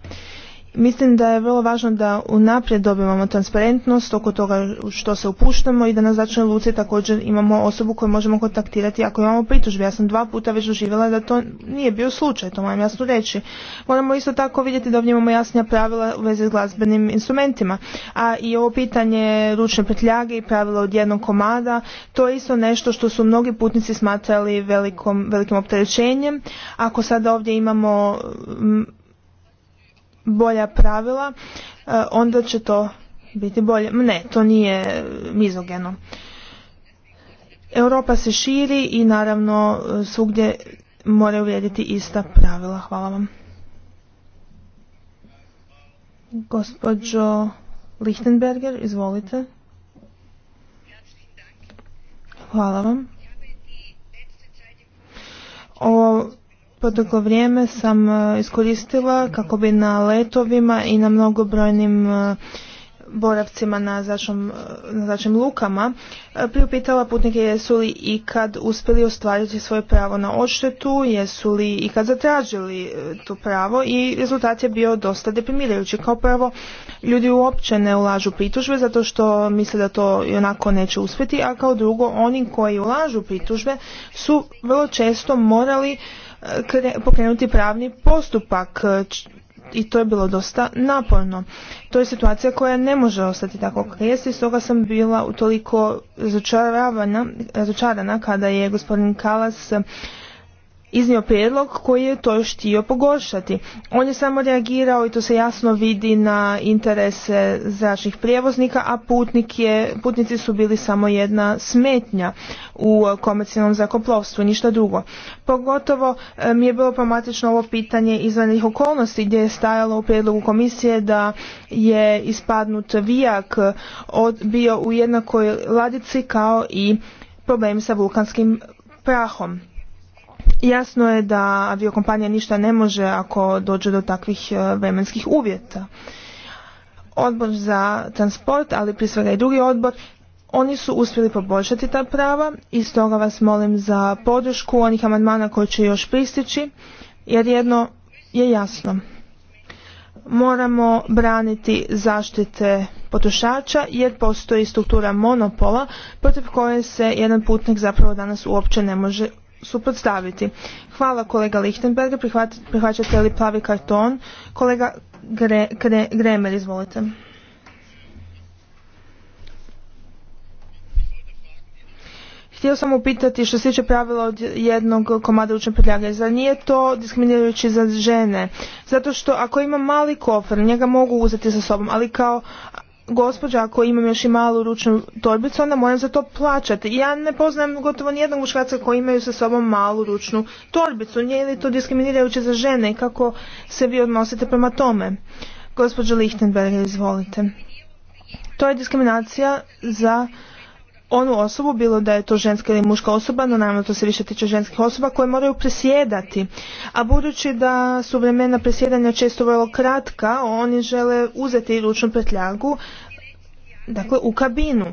Mislim da je vrlo važno da unaprijed dobivamo transparentnost oko toga što se upuštamo i da na zračnoj luci također imamo osobu koju možemo kontaktirati ako imamo pritužbe. Ja sam dva puta već doživjela da to nije bio slučaj, to moram jasno reći. Moramo isto tako vidjeti da ovdje imamo jasnija pravila u vezi s glazbenim instrumentima. A i ovo pitanje ručne petljage i pravila od jednog komada, to je isto nešto što su mnogi putnici smatrali velikom, velikim opterećenjem. Ako sada ovdje imamo bolja pravila, e, onda će to biti bolje. Ne, to nije mizogeno. Europa se širi i naravno e, svugdje moraju vrijediti ista pravila. Hvala vam. Gospođo Lichtenberger, izvolite. Hvala vam. Ovo Proteklo vrijeme sam e, iskoristila kako bi na letovima i na mnogobrojnim e, boravcima na značim e, na lukama priupitala putnike jesu li ikad uspjeli ostvariti svoje pravo na odštetu, jesu li ikad zatražili to pravo i rezultat je bio dosta deprimirajući. Kao prvo, ljudi uopće ne ulažu pritužbe zato što misle da to onako neće uspjeti, a kao drugo, oni koji ulažu pritužbe su vrlo često morali pokrenuti pravni postupak e, i to je bilo dosta naporno. To je situacija koja ne može ostati tako jeste i stoga sam bila utoliko razočarana kada je gospodin Kalas iznio prijedlog koji je to štio pogoršati. On je samo reagirao i to se jasno vidi na interese zračnih prijevoznika, a putnik je, putnici su bili samo jedna smetnja u komercijalnom zakoplovstvu, ništa drugo. Pogotovo e, mi je bilo pomatično ovo pitanje izvanih okolnosti gdje je stajalo u prijedlogu komisije da je ispadnut vijak od, bio u jednakoj ladici kao i problem sa vulkanskim prahom. Jasno je da aviokompanija ništa ne može ako dođe do takvih e, vremenskih uvjeta. Odbor za transport, ali prije svega i drugi odbor, oni su uspjeli poboljšati ta prava i stoga vas molim za podršku onih amandmana koji će još pristići, jer jedno je jasno. Moramo braniti zaštite potrošača jer postoji struktura monopola protiv koje se jedan putnik zapravo danas uopće ne može suprotstaviti. Hvala kolega Lichtenberger, prihvaćate li plavi karton? Kolega Gre, Gremer, izvolite. Htio sam upitati što se tiče pravila od jednog komada učne prtljage, zar nije to diskriminirajući za žene? Zato što ako ima mali kofer, njega mogu uzeti sa sobom, ali kao gospođa, ako imam još i malu ručnu torbicu, onda moram za to plaćati. Ja ne poznajem gotovo nijednog muškarca koji imaju sa sobom malu ručnu torbicu. Nije li to diskriminirajuće za žene i kako se vi odnosite prema tome? Gospođo Lichtenberger, izvolite. To je diskriminacija za onu osobu, bilo da je to ženska ili muška osoba, no naravno to se više tiče ženskih osoba, koje moraju presjedati. A budući da su vremena presjedanja često vrlo kratka, oni žele uzeti ručnu pretljagu dakle u kabinu.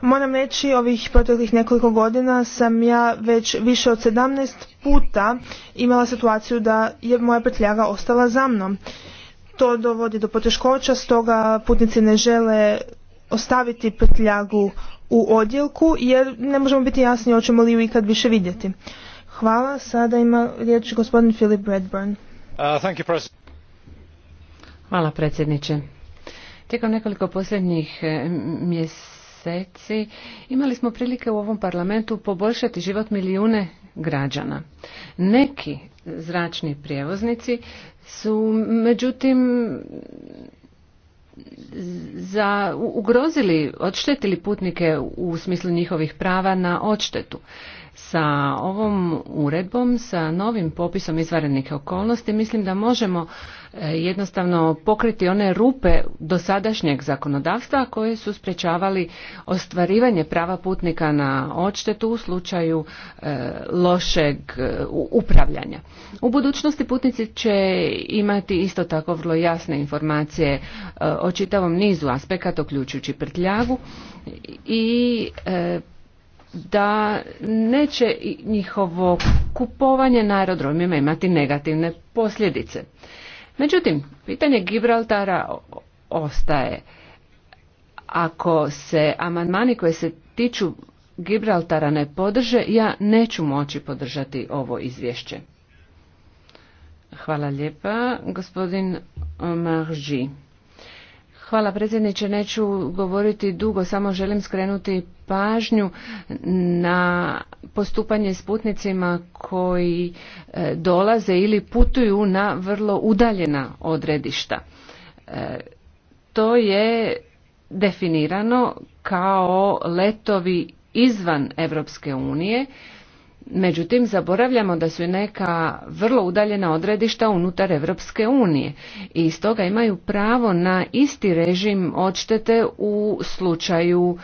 Moram reći, ovih proteklih nekoliko godina sam ja već više od 17 puta imala situaciju da je moja pretljaga ostala za mnom. To dovodi do poteškoća, stoga putnici ne žele ostaviti prtljagu u odjelku jer ne možemo biti jasni hoćemo li ju ikad više vidjeti. Hvala. Sada ima riječ gospodin Philip Redburn. Uh, Hvala predsjedniče. Tijekom nekoliko posljednjih e, mjeseci imali smo prilike u ovom parlamentu poboljšati život milijune građana. Neki zračni prijevoznici su međutim za, ugrozili, odštetili putnike u smislu njihovih prava na odštetu. Sa ovom uredbom, sa novim popisom izvarenih okolnosti, mislim da možemo E, jednostavno pokriti one rupe dosadašnjeg zakonodavstva koje su sprečavali ostvarivanje prava putnika na odštetu u slučaju e, lošeg e, upravljanja. U budućnosti putnici će imati isto tako vrlo jasne informacije o čitavom nizu aspekata uključujući prtljagu i da neće njihovo kupovanje na aerodromima imati negativne posljedice. Međutim, pitanje Gibraltara ostaje. Ako se amandmani koje se tiču Gibraltara ne podrže, ja neću moći podržati ovo izvješće. Hvala lijepa, gospodin Marži. Hvala predsjedniče, neću govoriti dugo, samo želim skrenuti pažnju na postupanje s putnicima koji e, dolaze ili putuju na vrlo udaljena odredišta. E, to je definirano kao letovi izvan Europske unije Međutim, zaboravljamo da su neka vrlo udaljena odredišta unutar Evropske unije i stoga imaju pravo na isti režim odštete u slučaju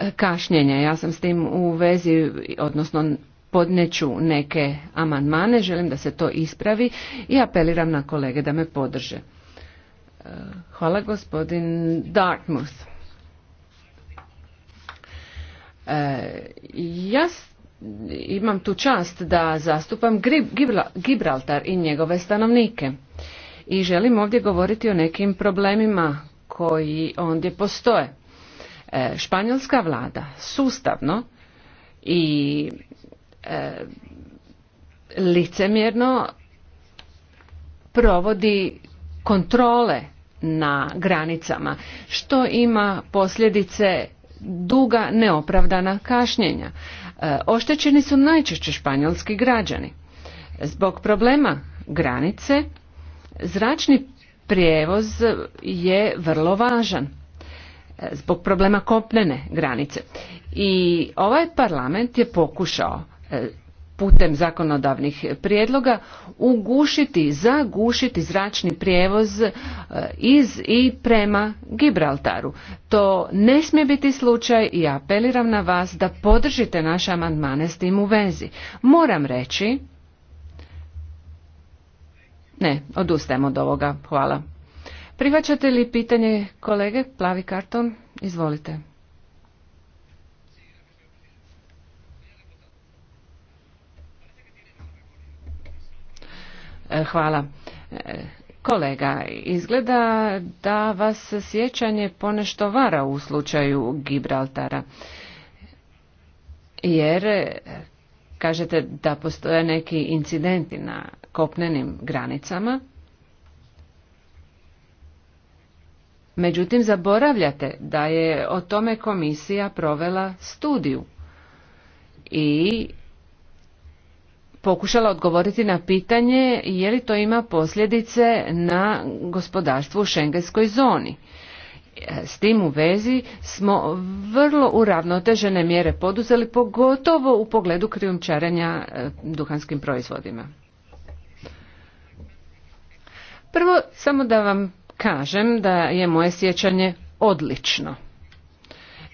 e, kašnjenja. Ja sam s tim u vezi, odnosno podneću neke amandmane, želim da se to ispravi i apeliram na kolege da me podrže. E, hvala gospodin Dartmouth. E, ja imam tu čast da zastupam Gibraltar i njegove stanovnike. I želim ovdje govoriti o nekim problemima koji ondje postoje. E, španjolska vlada sustavno i e, licemjerno provodi kontrole na granicama, što ima posljedice duga neopravdana kašnjenja. E, oštećeni su najčešće španjolski građani. Zbog problema granice, zračni prijevoz je vrlo važan e, zbog problema kopnene granice. I ovaj parlament je pokušao e, putem zakonodavnih prijedloga ugušiti, zagušiti zračni prijevoz e, iz i prema Gibraltaru. To ne smije biti slučaj i apeliram na vas da podržite naše amandmane s tim u vezi. Moram reći... Ne, odustajem od ovoga. Hvala. Prihvaćate li pitanje kolege Plavi karton? Izvolite. E, hvala. E, kolega, izgleda da vas sjećanje ponešto vara u slučaju Gibraltara. Jer e, kažete da postoje neki incidenti na kopnenim granicama. Međutim, zaboravljate da je o tome komisija provela studiju i pokušala odgovoriti na pitanje je li to ima posljedice na gospodarstvo u šengenskoj zoni. S tim u vezi smo vrlo uravnotežene mjere poduzeli, pogotovo u pogledu krijumčarenja e, duhanskim proizvodima. Prvo, samo da vam kažem da je moje sjećanje odlično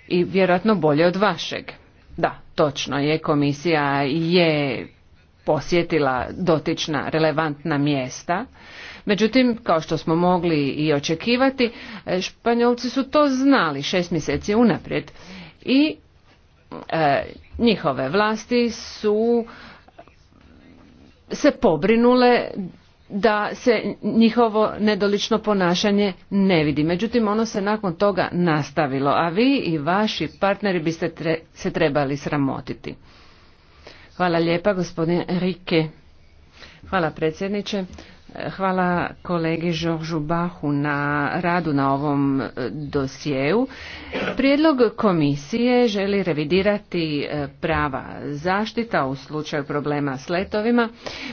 i vjerojatno bolje od vašeg. Da, točno je, komisija je posjetila dotična relevantna mjesta. Međutim, kao što smo mogli i očekivati, e, Španjolci su to znali šest mjeseci unaprijed i e, njihove vlasti su se pobrinule da se njihovo nedolično ponašanje ne vidi. Međutim, ono se nakon toga nastavilo, a vi i vaši partneri biste se trebali sramotiti. Hvala lijepa, gospodine Rike. Hvala predsjedniče. Hvala kolegi Žoržu Bahu na radu na ovom e, dosjeu. Prijedlog komisije želi revidirati e, prava zaštita u slučaju problema s letovima,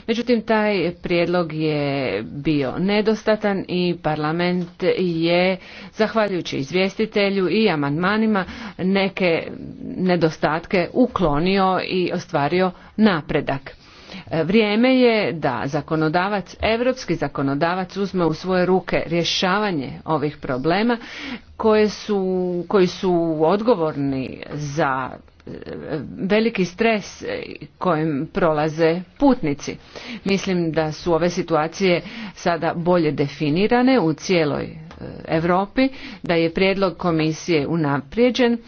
međutim taj prijedlog je bio nedostatan i parlament je, zahvaljujući izvjestitelju i amandmanima, neke nedostatke uklonio i ostvario napredak. Vrijeme je da zakonodavac, europski zakonodavac uzme u svoje ruke rješavanje ovih problema koji su odgovorni za e, veliki stres kojim prolaze putnici. Mislim da su ove situacije sada bolje definirane u cijeloj e, Europi, da je prijedlog komisije unaprijeđen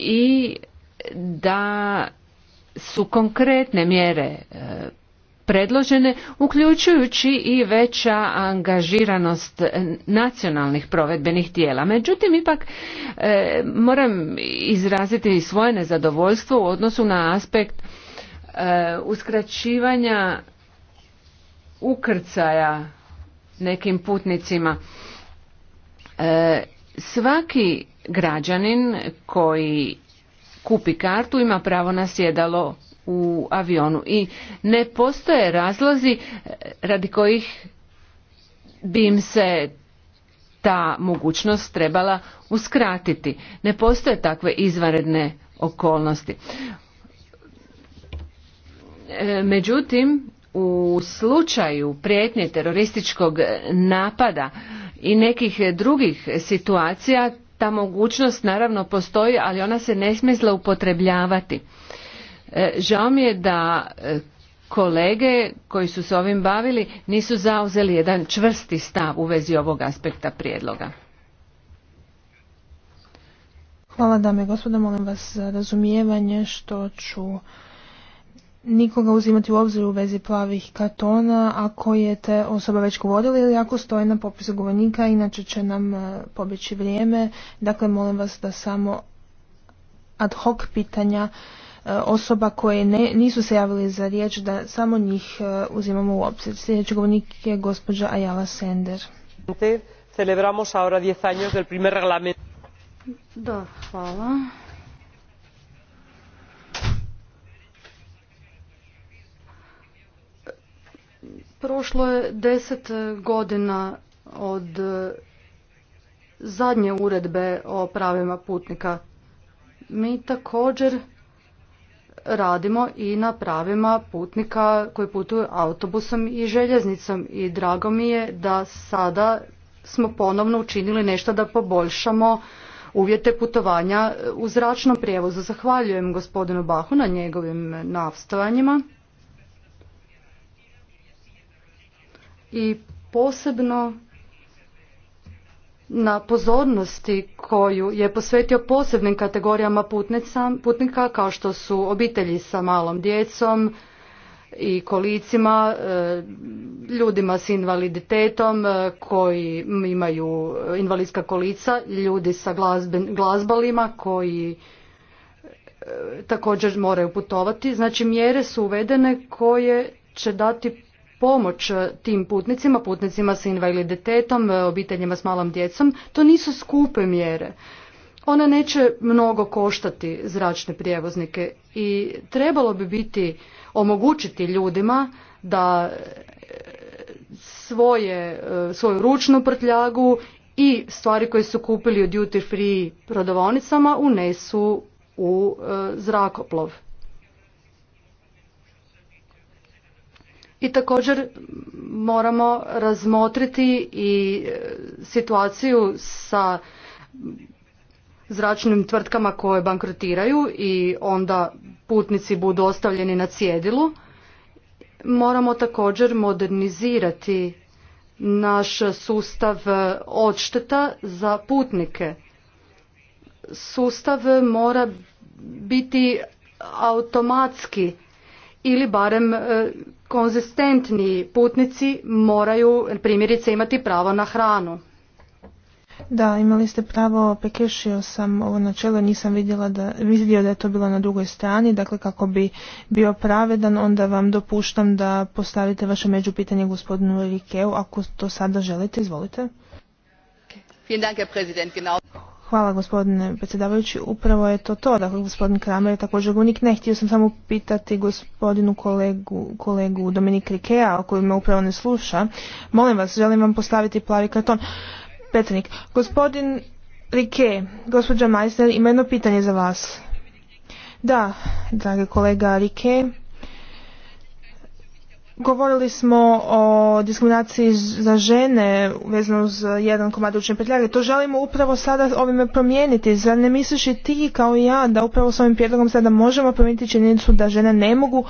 i da su konkretne mjere e, predložene uključujući i veća angažiranost e, nacionalnih provedbenih tijela. Međutim, ipak e, moram izraziti i svoje nezadovoljstvo u odnosu na aspekt uskraćivanja ukrcaja nekim putnicima. svaki građanin koji kupi kartu ima pravo na sjedalo u avionu i ne postoje razlozi eh, radi kojih bi im se ta mogućnost trebala uskratiti. Ne postoje takve izvanredne okolnosti. Eh, međutim, u slučaju prijetnje terorističkog napada i nekih drugih situacija ta mogućnost naravno postoji, ali ona se ne smije zloupotrebljavati. E, žao mi je da e, kolege koji su se ovim bavili nisu zauzeli jedan čvrsti stav u vezi ovog aspekta prijedloga. Hvala dame i gospodo, molim vas za razumijevanje što ću nikoga uzimati u obzir u vezi plavih kartona ako je te osoba već govorila ili ako stoje na popisu govornika, inače će nam e, pobjeći vrijeme. Dakle, molim vas da samo ad hoc pitanja e, osoba koje ne, nisu se javili za riječ, da samo njih e, uzimamo u obzir. Sljedeći govornik je gospođa Ayala Sender. Celebramos ahora 10 Da, hvala. Prošlo je deset e, godina od e, zadnje uredbe o pravima putnika. Mi također radimo i na pravima putnika koji putuju autobusom i željeznicom i drago mi je da sada smo ponovno učinili nešto da poboljšamo uvjete putovanja e, u zračnom prijevozu. Zahvaljujem gospodinu Bahu na njegovim nastojanjima. i posebno na pozornosti koju je posvetio posebnim kategorijama putnica, putnika kao što su obitelji sa malom djecom i kolicima, e, ljudima s invaliditetom e, koji imaju invalidska kolica, ljudi sa glazbalima koji e, također moraju putovati. Znači mjere su uvedene koje će dati pomoć e, tim putnicima, putnicima sa invaliditetom, e, obiteljima s malom djecom, to nisu skupe mjere. Ona neće mnogo koštati zračne prijevoznike i trebalo bi biti omogućiti ljudima da e, svoje, svoju ručnu prtljagu i stvari koje su kupili u duty free prodavonicama unesu u zrakoplov. I također moramo razmotriti i e, situaciju sa zračnim tvrtkama koje bankrotiraju i onda putnici budu ostavljeni na cjedilu. Moramo također modernizirati naš sustav e, odšteta za putnike. Sustav mora biti automatski ili barem e, konzistentni putnici moraju primjerice imati pravo na hranu. Da, imali ste pravo, pekešio sam ovo načelo, nisam vidjela da, vidio da je to bilo na drugoj strani, dakle kako bi bio pravedan, onda vam dopuštam da postavite vaše međupitanje gospodinu Rikeu, ako to sada želite, izvolite. Hvala gospodine predsjedavajući. Upravo je to to, dakle gospodin Kramer je također govornik. Ne htio sam samo pitati gospodinu kolegu, kolegu Rikea, o me upravo ne sluša. Molim vas, želim vam postaviti plavi karton. Petrenik, gospodin Rike, gospođa Majsner ima jedno pitanje za vas. Da, dragi kolega Rike, Govorili smo o diskriminaciji za žene vezano uz jedan komad ručne prtljage. To želimo upravo sada ovime promijeniti. Zar ne misliš i ti kao i ja da upravo s ovim prijedlogom sada možemo promijeniti činjenicu da žene ne mogu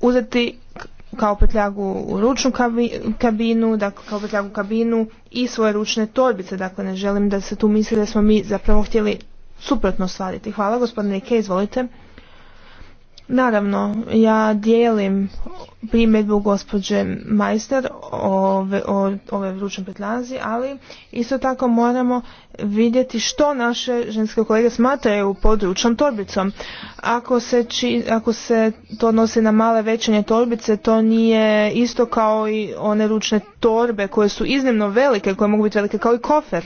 uzeti kao petljagu u ručnu kabinu, dakle kao u kabinu i svoje ručne torbice. Dakle, ne želim da se tu misli da smo mi zapravo htjeli suprotno stvariti. Hvala gospodine Ike, izvolite. Naravno, ja dijelim primjedbu gospođe Majster o, ovoj ručnoj ali isto tako moramo vidjeti što naše ženske kolege smatraju područnom torbicom. Ako se, ako se to odnosi na male većanje torbice, to nije isto kao i one ručne torbe koje su iznimno velike, koje mogu biti velike kao i kofer.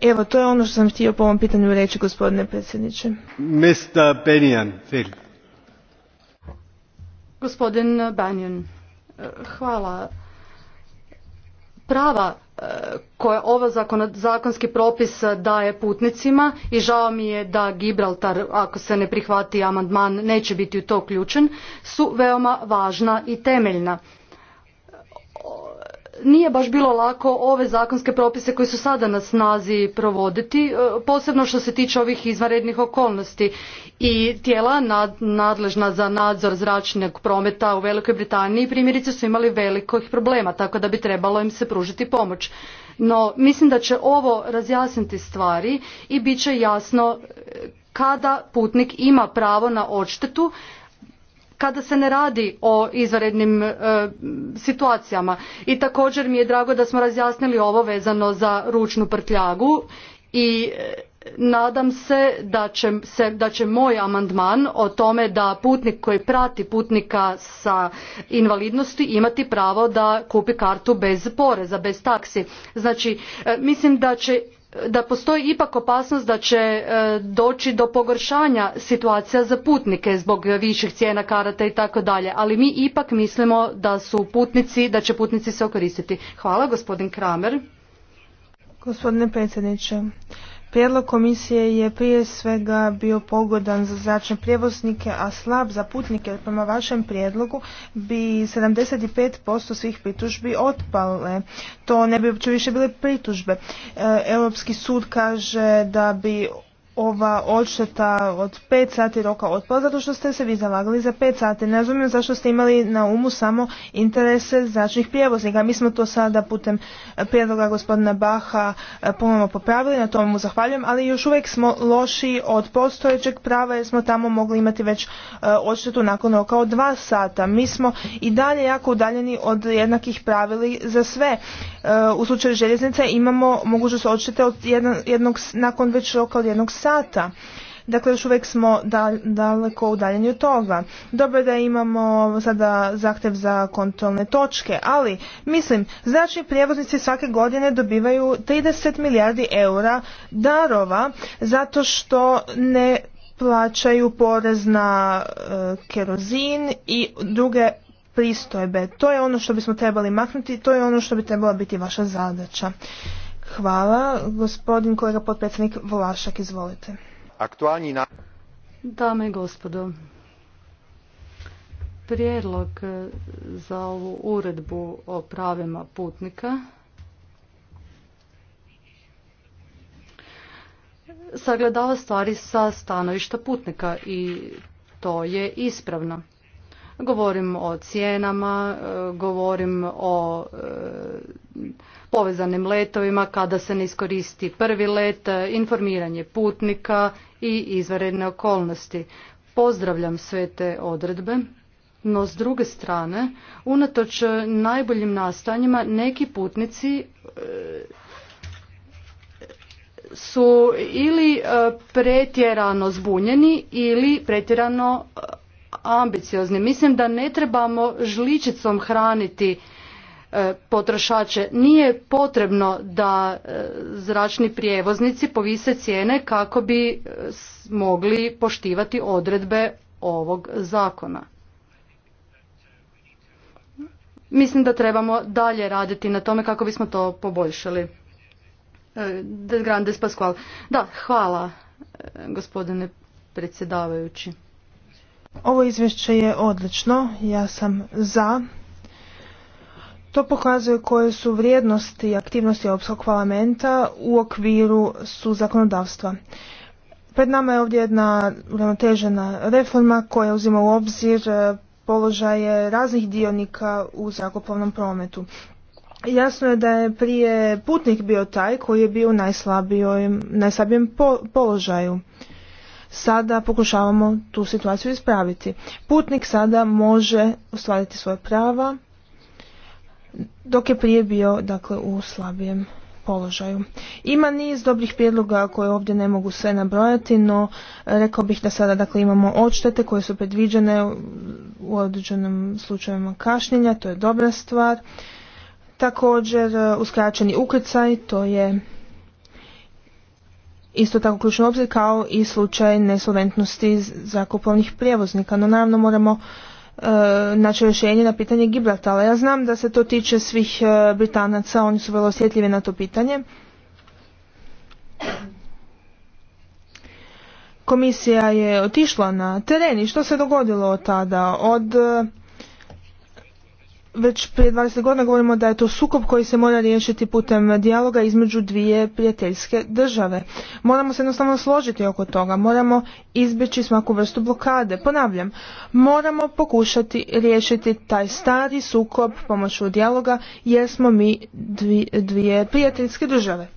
Evo, to je ono što sam htio po ovom pitanju reći, gospodine predsjedniče. Mr. Gospodin e, hvala. Prava e, koja ovo zakonski propis daje putnicima i žao mi je da Gibraltar, ako se ne prihvati amandman, neće biti u to ključen, su veoma važna i temeljna nije baš bilo lako ove zakonske propise koji su sada na snazi provoditi, e, posebno što se tiče ovih izvanrednih okolnosti. I tijela nadležna za nadzor zračnog prometa u Velikoj Britaniji primjerice su imali velikih problema, tako da bi trebalo im se pružiti pomoć. No, mislim da će ovo razjasniti stvari i bit će jasno e, kada putnik ima pravo na odštetu kada se ne radi o izvanrednim e, situacijama. I također mi je drago da smo razjasnili ovo vezano za ručnu prtljagu i e, nadam se se, da će moj amandman o tome da putnik koji prati putnika sa invalidnosti imati pravo da kupi kartu bez poreza, bez taksi. Znači, e, mislim da će da postoji ipak opasnost da će e, doći do pogoršanja situacija za putnike zbog viših cijena karata i tako dalje ali mi ipak mislimo da su putnici da će putnici se okoristiti hvala gospodin kramer gospodine predsjedniče Prijedlog komisije je prije svega bio pogodan za zračne prijevoznike, a slab za putnike. Prema vašem prijedlogu bi 75% svih pritužbi otpale. To ne bi uopće više bile pritužbe. E, Europski sud kaže da bi ova odšteta od 5 sati roka otpala zato što ste se vi zalagali za 5 sati. Ne razumijem zašto ste imali na umu samo interese zračnih prijevoznika. Mi smo to sada putem eh, prijedloga gospodina Baha eh, ponovno popravili, na tomu mu zahvaljujem, ali još uvijek smo loši od postojećeg prava jer smo tamo mogli imati već eh, odštetu nakon roka od 2 sata. Mi smo i dalje jako udaljeni od jednakih pravili za sve. U slučaju željeznice imamo mogućnost odštete od jednog, nakon već roka od jednog sata. Dakle, još uvijek smo daleko udaljeni od toga. Dobro je da imamo sada zahtjev za kontrolne točke, ali mislim, znači prijevoznici svake godine dobivaju 30 milijardi eura darova zato što ne plaćaju porez na e, kerozin i druge pristojbe. To je ono što bismo trebali maknuti, to je ono što bi trebala biti vaša zadaća. Hvala. Gospodin kolega potpredsjednik Volašak, izvolite. Aktualni na... Dame i gospodo, prijedlog za ovu uredbu o pravima putnika sagledava stvari sa stanovišta putnika i to je ispravno. Govorim o cijenama, govorim o e, povezanim letovima kada se ne iskoristi prvi let, e, informiranje putnika i izvanredne okolnosti. Pozdravljam sve te odredbe. No s druge strane, unatoč najboljim nastanjima, neki putnici e, su ili e, pretjerano zbunjeni ili pretjerano ambiciozni. Mislim da ne trebamo žličicom hraniti E, potrošače. Nije potrebno da e, zračni prijevoznici povise cijene kako bi e, mogli poštivati odredbe ovog zakona. Mislim da trebamo dalje raditi na tome kako bismo to poboljšali. Grandes Da, hvala gospodine predsjedavajući. Ovo izvješće je odlično. Ja sam za to pokazuje koje su vrijednosti i aktivnosti Europskog parlamenta u okviru su zakonodavstva. Pred nama je ovdje jedna uravnotežena reforma koja uzima u obzir e, položaje raznih dionika u zrakoplovnom prometu. Jasno je da je prije putnik bio taj koji je bio u najslabijem položaju. Sada pokušavamo tu situaciju ispraviti. Putnik sada može ostvariti svoje prava dok je prije bio dakle, u slabijem položaju. Ima niz dobrih prijedloga koje ovdje ne mogu sve nabrojati, no e, rekao bih da sada dakle, imamo odštete koje su predviđene u određenim slučajevima kašnjenja, to je dobra stvar. Također e, uskraćeni ukrcaj, to je isto tako ključno obzir kao i slučaj nesolventnosti zakupovnih prijevoznika. No naravno moramo E, naći rješenje na pitanje Gibraltala. Ja znam da se to tiče svih e, Britanaca, oni su vrlo osjetljivi na to pitanje. Komisija je otišla na teren i što se dogodilo od tada? Od e, već prije 20 godina govorimo da je to sukob koji se mora riješiti putem dijaloga između dvije prijateljske države. Moramo se jednostavno složiti oko toga, moramo izbjeći svaku vrstu blokade. Ponavljam, moramo pokušati riješiti taj stari sukob pomoću dijaloga jer smo mi dvije prijateljske države.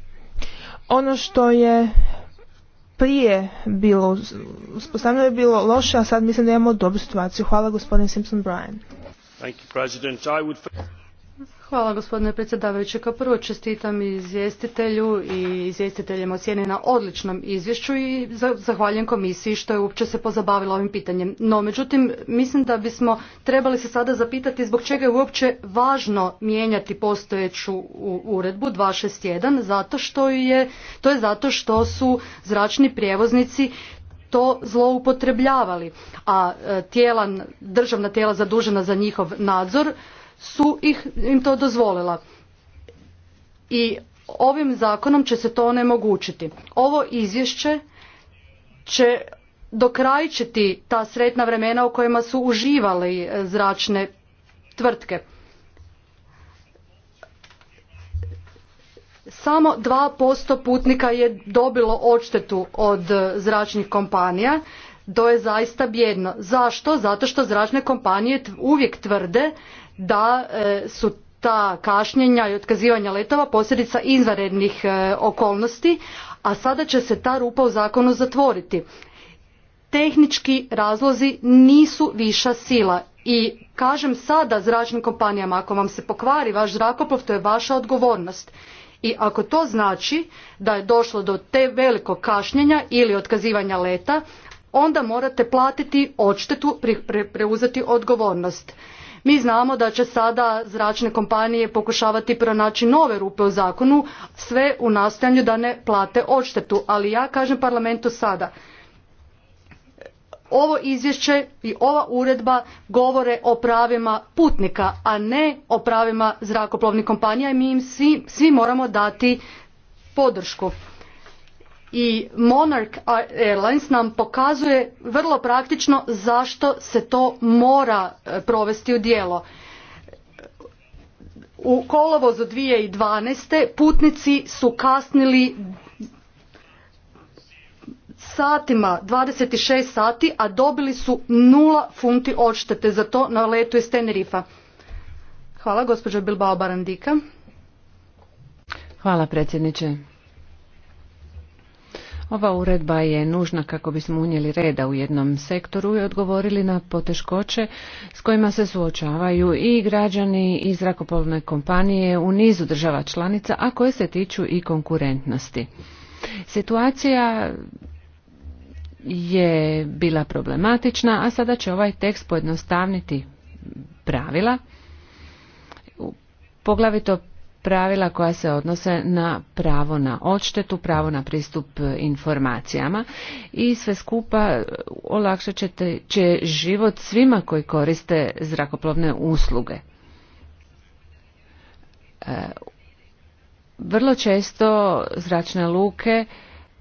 Ono što je prije bilo, uspostavljeno je bilo loše, a sad mislim da imamo dobru situaciju. Hvala gospodin Simpson Bryan. Hvala gospodine predsjedavajući. Kao prvo čestitam izvjestitelju i izvjestiteljima ocijeni na odličnom izvješću i zahvaljujem komisiji što je uopće se pozabavila ovim pitanjem. No, međutim, mislim da bismo trebali se sada zapitati zbog čega je uopće važno mijenjati postojeću uredbu 261, zato što je, to je zato što su zračni prijevoznici to zloupotrebljavali, a e, tijela, državna tijela zadužena za njihov nadzor su ih, im to dozvolila. I ovim zakonom će se to onemogućiti. Ovo izvješće će dokrajčiti ta sretna vremena u kojima su uživali e, zračne tvrtke. samo 2% putnika je dobilo odštetu od e, zračnih kompanija. To je zaista bjedno. Zašto? Zato što zračne kompanije uvijek tvrde da e, su ta kašnjenja i otkazivanja letova posljedica izvanrednih e, okolnosti, a sada će se ta rupa u zakonu zatvoriti. Tehnički razlozi nisu viša sila i kažem sada zračnim kompanijama ako vam se pokvari vaš zrakoplov to je vaša odgovornost i ako to znači da je došlo do te velikog kašnjenja ili otkazivanja leta onda morate platiti odštetu preuzeti odgovornost mi znamo da će sada zračne kompanije pokušavati pronaći nove rupe u zakonu sve u nastojanju da ne plate odštetu ali ja kažem parlamentu sada ovo izvješće i ova uredba govore o pravima putnika a ne o pravima zrakoplovnih kompanija i mi im svi, moramo dati podršku i Monarch Airlines nam pokazuje vrlo praktično zašto se to mora e, provesti u djelo. U kolovozu 2012. putnici su kasnili satima, 26 sati, a dobili su nula funti odštete za to na letu iz Tenerifa. Hvala, gospođo Bilbao Barandika. Hvala, predsjedniče. Ova uredba je nužna kako bismo unijeli reda u jednom sektoru i odgovorili na poteškoće s kojima se suočavaju i građani i zrakoplovne kompanije u nizu država članica, a koje se tiču i konkurentnosti. Situacija je bila problematična, a sada će ovaj tekst pojednostavniti pravila, poglavito pravila koja se odnose na pravo na odštetu, pravo na pristup informacijama i sve skupa olakšat će život svima koji koriste zrakoplovne usluge. E, vrlo često zračne luke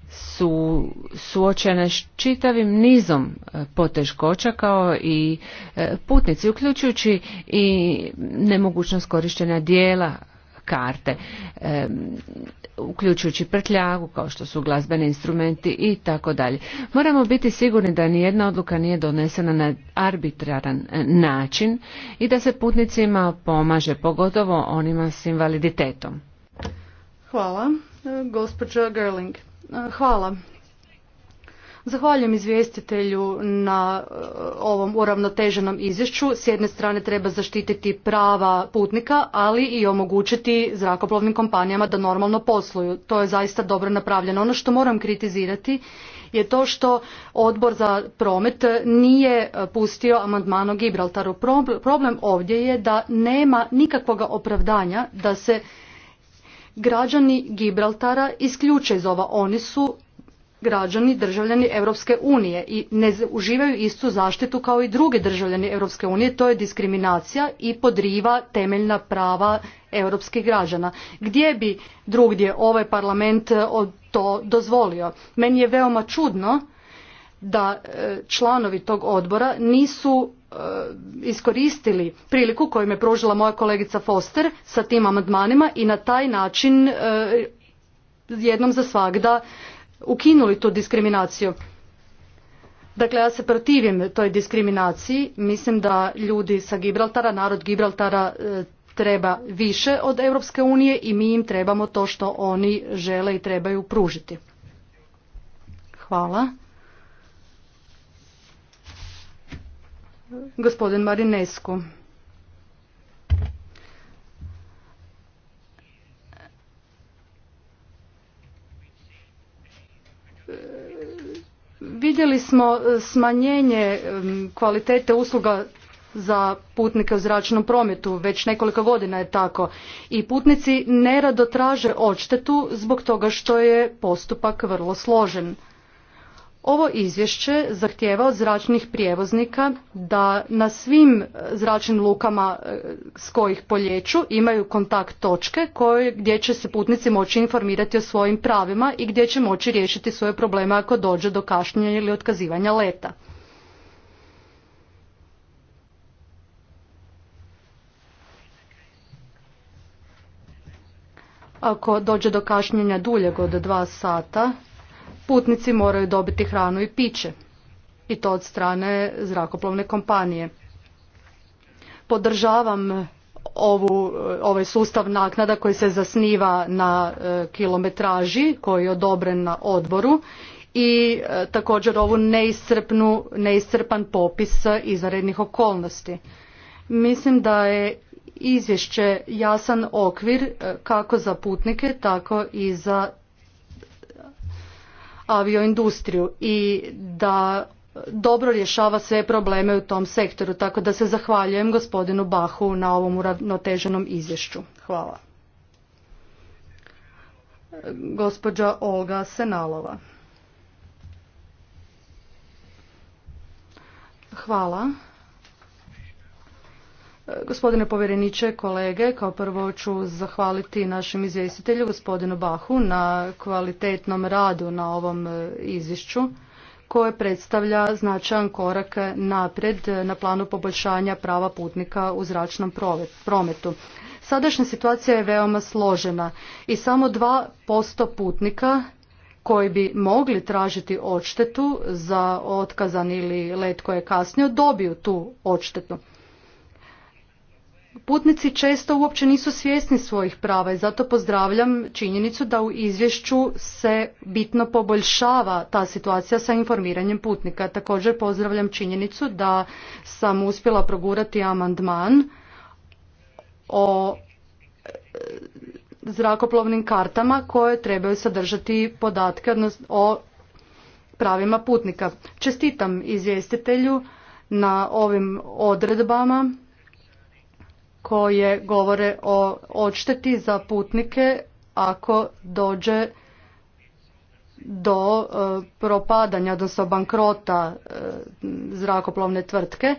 su suočene s čitavim nizom e, poteškoća kao i e, putnici, uključujući i nemogućnost korištenja dijela karte, e, uključujući prtljagu kao što su glazbeni instrumenti i tako dalje. Moramo biti sigurni da nijedna odluka nije donesena na arbitraran način i da se putnicima pomaže, pogotovo onima s invaliditetom. Hvala. Gospođa Gerling. Hvala. Zahvaljujem izvjestitelju na e, ovom uravnoteženom izvješću. S jedne strane treba zaštititi prava putnika, ali i omogućiti zrakoplovnim kompanijama da normalno posluju. To je zaista dobro napravljeno. Ono što moram kritizirati je to što odbor za promet nije pustio amandman Gibraltaru. Problem ovdje je da nema nikakvog opravdanja da se građani Gibraltara isključe iz ova. Oni su građani državljani Europske unije i ne uživaju istu zaštitu kao i drugi državljani Europske unije. To je diskriminacija i podriva temeljna prava europskih građana. Gdje bi drugdje ovaj parlament eh, to dozvolio? Meni je veoma čudno da e, članovi tog odbora nisu e, iskoristili priliku koju je pružila moja kolegica Foster sa tim amandmanima i na taj način e, jednom za svagda ukinuli tu diskriminaciju. Dakle, ja se protivim toj diskriminaciji. Mislim da ljudi sa Gibraltara, narod Gibraltara treba više od Europske unije i mi im trebamo to što oni žele i trebaju pružiti. Hvala. Gospodin Marinescu. Vidjeli smo e, smanjenje e, kvalitete usluga za putnike u zračnom prometu. Već nekoliko godina je tako. I putnici nerado traže odštetu zbog toga što je postupak vrlo složen. Ovo izvješće zahtjeva od zračnih prijevoznika da na svim e, zračnim lukama e, s kojih poljeću imaju kontakt točke koje, gdje će se putnici moći informirati o svojim pravima i gdje će moći riješiti svoje probleme ako dođe do kašnjenja ili otkazivanja leta. Ako dođe do kašnjenja duljeg od dva sata, Putnici moraju dobiti hranu i piće i to od strane zrakoplovne kompanije. Podržavam ovu, ovaj sustav naknada koji se zasniva na e, kilometraži koji je odobren na odboru i e, također ovu neiscrpnu, neiscrpan popis izvanrednih okolnosti. Mislim da je izvješće jasan okvir e, kako za putnike, tako i za avioindustriju i da dobro rješava sve probleme u tom sektoru. Tako da se zahvaljujem gospodinu Bahu na ovom uravnoteženom izvješću. Hvala. Gospođa Olga Senalova. Hvala. Gospodine povjereniče, kolege, kao prvo ću zahvaliti našem izvjestitelju, gospodinu Bahu, na kvalitetnom radu na ovom e, izvješću koje predstavlja značajan korak naprijed na planu poboljšanja prava putnika u zračnom prometu. Sadašnja situacija je veoma složena i samo 2% putnika koji bi mogli tražiti odštetu za otkazan ili let koje je kasnio dobiju tu odštetu. Putnici često uopće nisu svjesni svojih prava i zato pozdravljam činjenicu da u izvješću se bitno poboljšava ta situacija sa informiranjem putnika. Također pozdravljam činjenicu da sam uspjela progurati amandman o e, zrakoplovnim kartama koje trebaju sadržati podatke o pravima putnika. Čestitam izvjestitelju na ovim odredbama koje govore o odšteti za putnike ako dođe do e, propadanja, odnosno bankrota e, zrakoplovne tvrtke.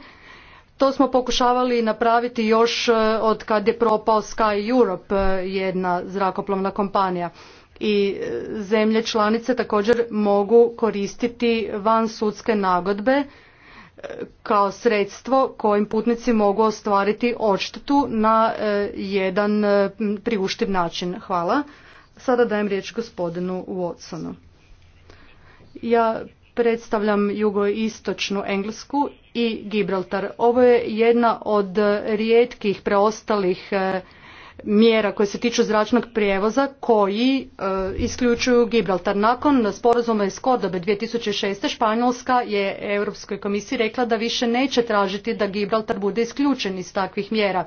To smo pokušavali napraviti još e, od kad je propao Sky Europe, jedna zrakoplovna kompanija. I zemlje članice također mogu koristiti van sudske nagodbe kao sredstvo kojim putnici mogu ostvariti odštetu na e, jedan e, priuštiv način. Hvala. Sada dajem riječ gospodinu Watsonu. Ja predstavljam jugoistočnu Englesku i Gibraltar. Ovo je jedna od rijetkih preostalih e, mjera koje se tiču zračnog prijevoza koji e, isključuju Gibraltar. Nakon sporazuma iz Kordobe 2006. Španjolska je Europskoj komisiji rekla da više neće tražiti da Gibraltar bude isključen iz takvih mjera.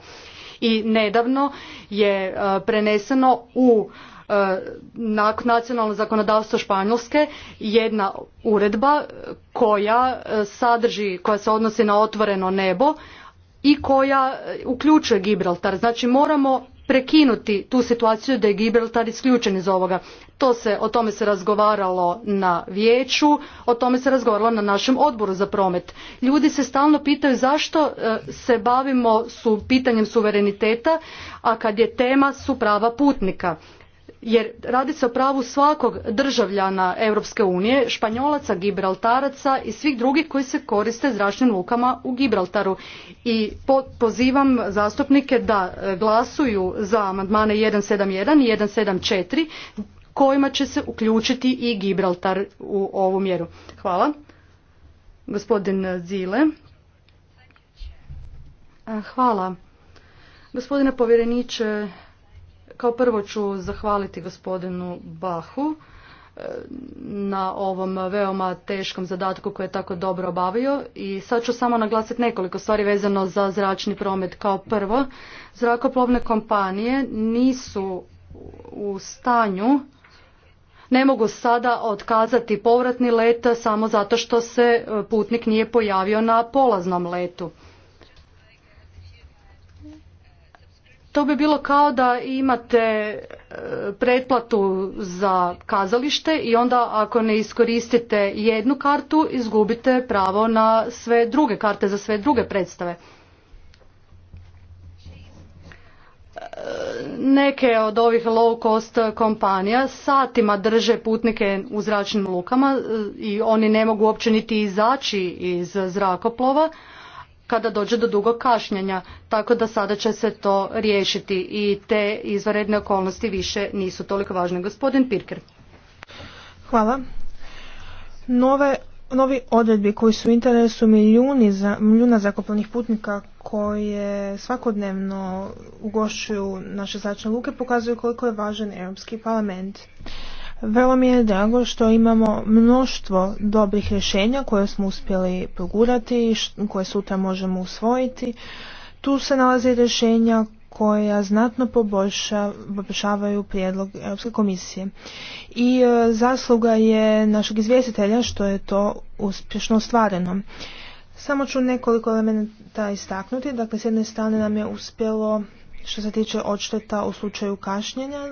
I nedavno je e, preneseno u e, nacionalno zakonodavstvo Španjolske jedna uredba koja sadrži, koja se odnosi na otvoreno nebo i koja uključuje Gibraltar. Znači moramo prekinuti tu situaciju da je Gibraltar isključen iz ovoga. To se, o tome se razgovaralo na vijeću, o tome se razgovaralo na našem odboru za promet. Ljudi se stalno pitaju zašto e, se bavimo su pitanjem suvereniteta, a kad je tema su prava putnika jer radi se o pravu svakog državljana Europske unije, španjolaca, gibraltaraca i svih drugih koji se koriste zračnim lukama u Gibraltaru. I pozivam zastupnike da e, glasuju za amandmane 171 i 174 kojima će se uključiti i Gibraltar u ovu mjeru. Hvala. Gospodin Zile. Hvala. Gospodine povjereniče, kao prvo ću zahvaliti gospodinu Bahu e, na ovom veoma teškom zadatku koji je tako dobro obavio i sad ću samo naglasiti nekoliko stvari vezano za zračni promet. Kao prvo, zrakoplovne kompanije nisu u stanju ne mogu sada otkazati povratni let samo zato što se putnik nije pojavio na polaznom letu. to bi bilo kao da imate e, pretplatu za kazalište i onda ako ne iskoristite jednu kartu izgubite pravo na sve druge karte za sve druge predstave. Neke od ovih low cost kompanija satima drže putnike u zračnim lukama e, i oni ne mogu uopće niti izaći iz zrakoplova kada dođe do dugog kašnjenja, tako da sada će se to riješiti i te izvanredne okolnosti više nisu toliko važne. Gospodin Pirker. Hvala. Nove novi odredbi koji su u interesu milijuni za, milijuna zakopljenih putnika koje svakodnevno ugošuju naše zračne luke pokazuju koliko je važan Europski parlament. Vrlo mi je drago što imamo mnoštvo dobrih rješenja koje smo uspjeli progurati i koje sutra možemo usvojiti. Tu se nalaze rješenja koja znatno poboljšavaju prijedlog Europske komisije. I e, zasluga je našeg izvjestitelja što je to uspješno ostvareno. Samo ću nekoliko elementa istaknuti. Dakle, s jedne strane nam je uspjelo što se tiče odšteta u slučaju kašnjenja,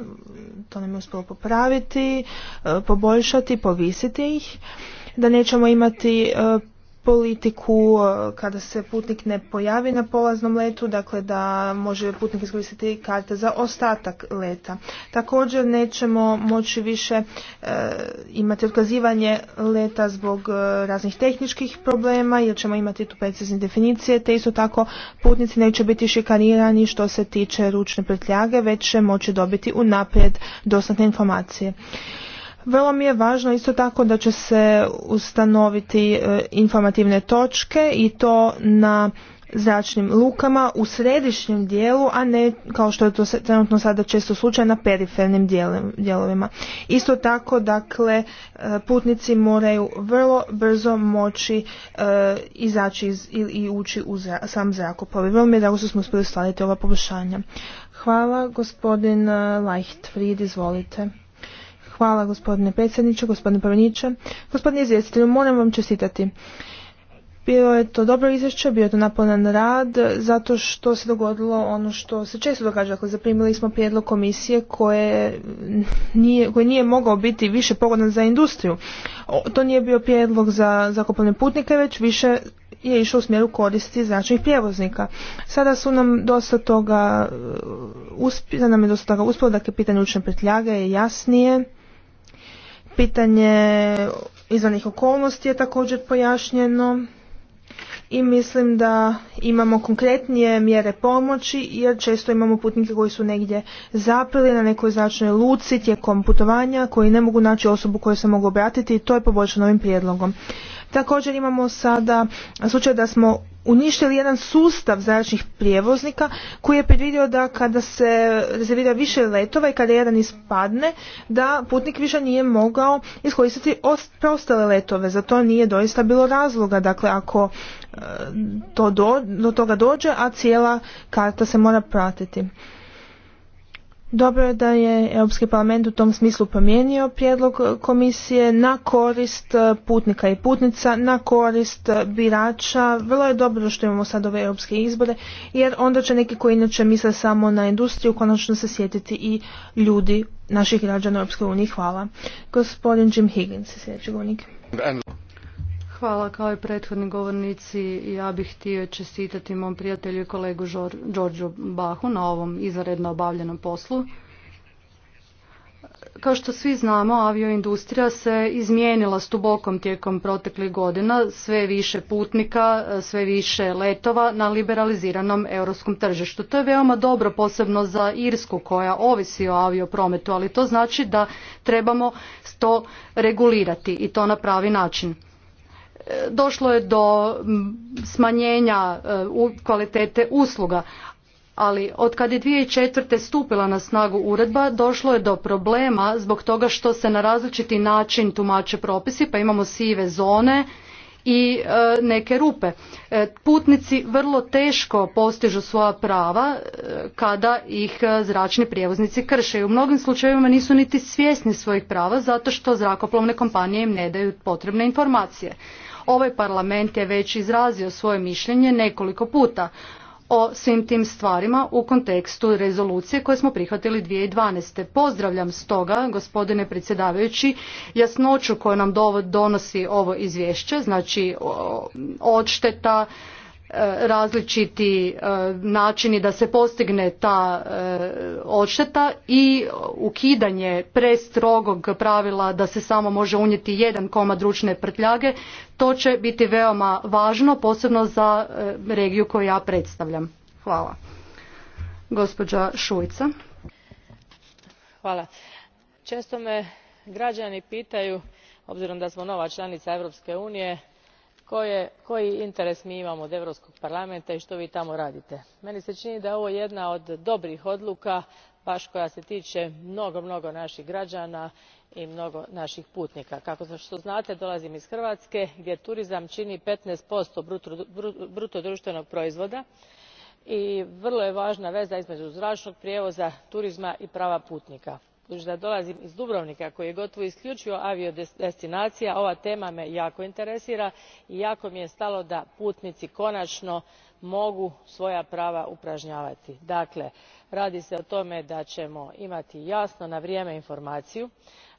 to nam je uspjelo popraviti, e, poboljšati, povisiti ih, da nećemo imati e, politiku e, kada se putnik ne pojavi na polaznom letu, dakle da može putnik iskoristiti karte za ostatak leta. Također nećemo moći više e, imati otkazivanje leta zbog e, raznih tehničkih problema jer ćemo imati tu precizne definicije te isto tako putnici neće biti šikanirani što se tiče ručne pretljage već će moći dobiti unaprijed dostatne informacije. Vrlo mi je važno isto tako da će se ustanoviti e, informativne točke i to na zračnim lukama u središnjem dijelu, a ne kao što je to trenutno sada često slučaj na perifernim dijelovima. Isto tako, dakle, e, putnici moraju vrlo brzo moći e, izaći iz, i, ući u sam zrakoplov. Vrlo mi je drago što smo uspjeli ostvariti ova poboljšanja. Hvala, gospodin Leichtfried, izvolite. Hvala gospodine predsjedniče, gospodine Pavaniče. gospodine izvjestitelju, moram vam čestitati. Bilo je to dobro izvješće, bio je to naporan rad, zato što se dogodilo ono što se često događa. Dakle, zaprimili smo prijedlog komisije koje nije, koje nije mogao biti više pogodan za industriju. to nije bio prijedlog za zakupovne putnike, već više je išao u smjeru koristi značajnih prijevoznika. Sada su nam dosta toga, e, uspjela nam je dosta toga uspjelo, dakle, pitanje učne pretljage je jasnije Pitanje izvanih okolnosti je također pojašnjeno i mislim da imamo konkretnije mjere pomoći jer često imamo putnike koji su negdje zapili na nekoj zračnoj luci tijekom putovanja koji ne mogu naći osobu koju se mogu obratiti i to je poboljšano ovim prijedlogom. Također imamo sada slučaj da smo uništili jedan sustav zračnih prijevoznika koji je predvidio da kada se rezervira više letova i kada jedan ispadne da putnik više nije mogao iskoristiti preostale letove. Za to nije doista bilo razloga. Dakle, ako e, to do, do toga dođe, a cijela karta se mora pratiti. Dobro je da je Europski parlament u tom smislu promijenio prijedlog komisije na korist e, putnika i putnica, na korist e, birača. Vrlo je dobro što imamo sad ove europske izbore, jer onda će neki koji inače misle samo na industriju konačno se sjetiti i ljudi naših građana Europske unije. Hvala. Gospodin Jim Higgins, sljedeći govornik. Hvala kao i prethodni govornici. Ja bih htio čestitati mom prijatelju i kolegu Đorđu Bahu na ovom izaredno obavljenom poslu. Kao što svi znamo, avioindustrija se izmijenila stubokom tijekom proteklih godina, sve više putnika, sve više letova na liberaliziranom europskom tržištu. To je veoma dobro, posebno za Irsku koja ovisi o avioprometu, ali to znači da trebamo to regulirati i to na pravi način došlo je do smanjenja e, kvalitete usluga ali od kad je 2004. stupila na snagu uredba došlo je do problema zbog toga što se na različiti način tumače propisi pa imamo sive zone i e, neke rupe. E, putnici vrlo teško postižu svoja prava kada ih zračni prijevoznici krše i u mnogim slučajevima nisu niti svjesni svojih prava zato što zrakoplovne kompanije im ne daju potrebne informacije ovaj parlament je već izrazio svoje mišljenje nekoliko puta o svim tim stvarima u kontekstu rezolucije koje smo prihvatili 2012. Pozdravljam stoga, gospodine predsjedavajući, jasnoću koju nam donosi ovo izvješće, znači odšteta, E, različiti e, načini da se postigne ta e, odšteta i ukidanje prestrogog pravila da se samo može unijeti jedan komad ručne prtljage to će biti veoma važno posebno za regiju koju ja predstavljam hvala gospođa Šuica hvala često me građani pitaju obzirom da smo nova članica Europske unije koji interes mi imamo od europskog parlamenta i što vi tamo radite. meni se čini da je ovo jedna od dobrih odluka baš koja se tiče mnogo mnogo naših građana i mnogo naših putnika. kao što znate dolazim iz hrvatske gdje turizam čini fifteen bruto društvenog proizvoda i vrlo je važna veza između zračnog prijevoza turizma i prava putnika budui da dolazim iz dubrovnika koji je gotovo iskljuivo aviodestinacija ova tema me jako interesira i jako mi je stalo da putnici konano mogu svoja prava upranjavati. dakle radi se o tome da ćemo imati jasno na vrijeme informaciju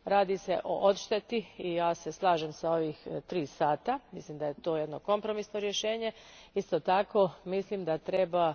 radi se o odšteti i ja se slažem s ovih e, tri sata mislim da je to jedno kompromisno rješenje. isto tako mislim da treba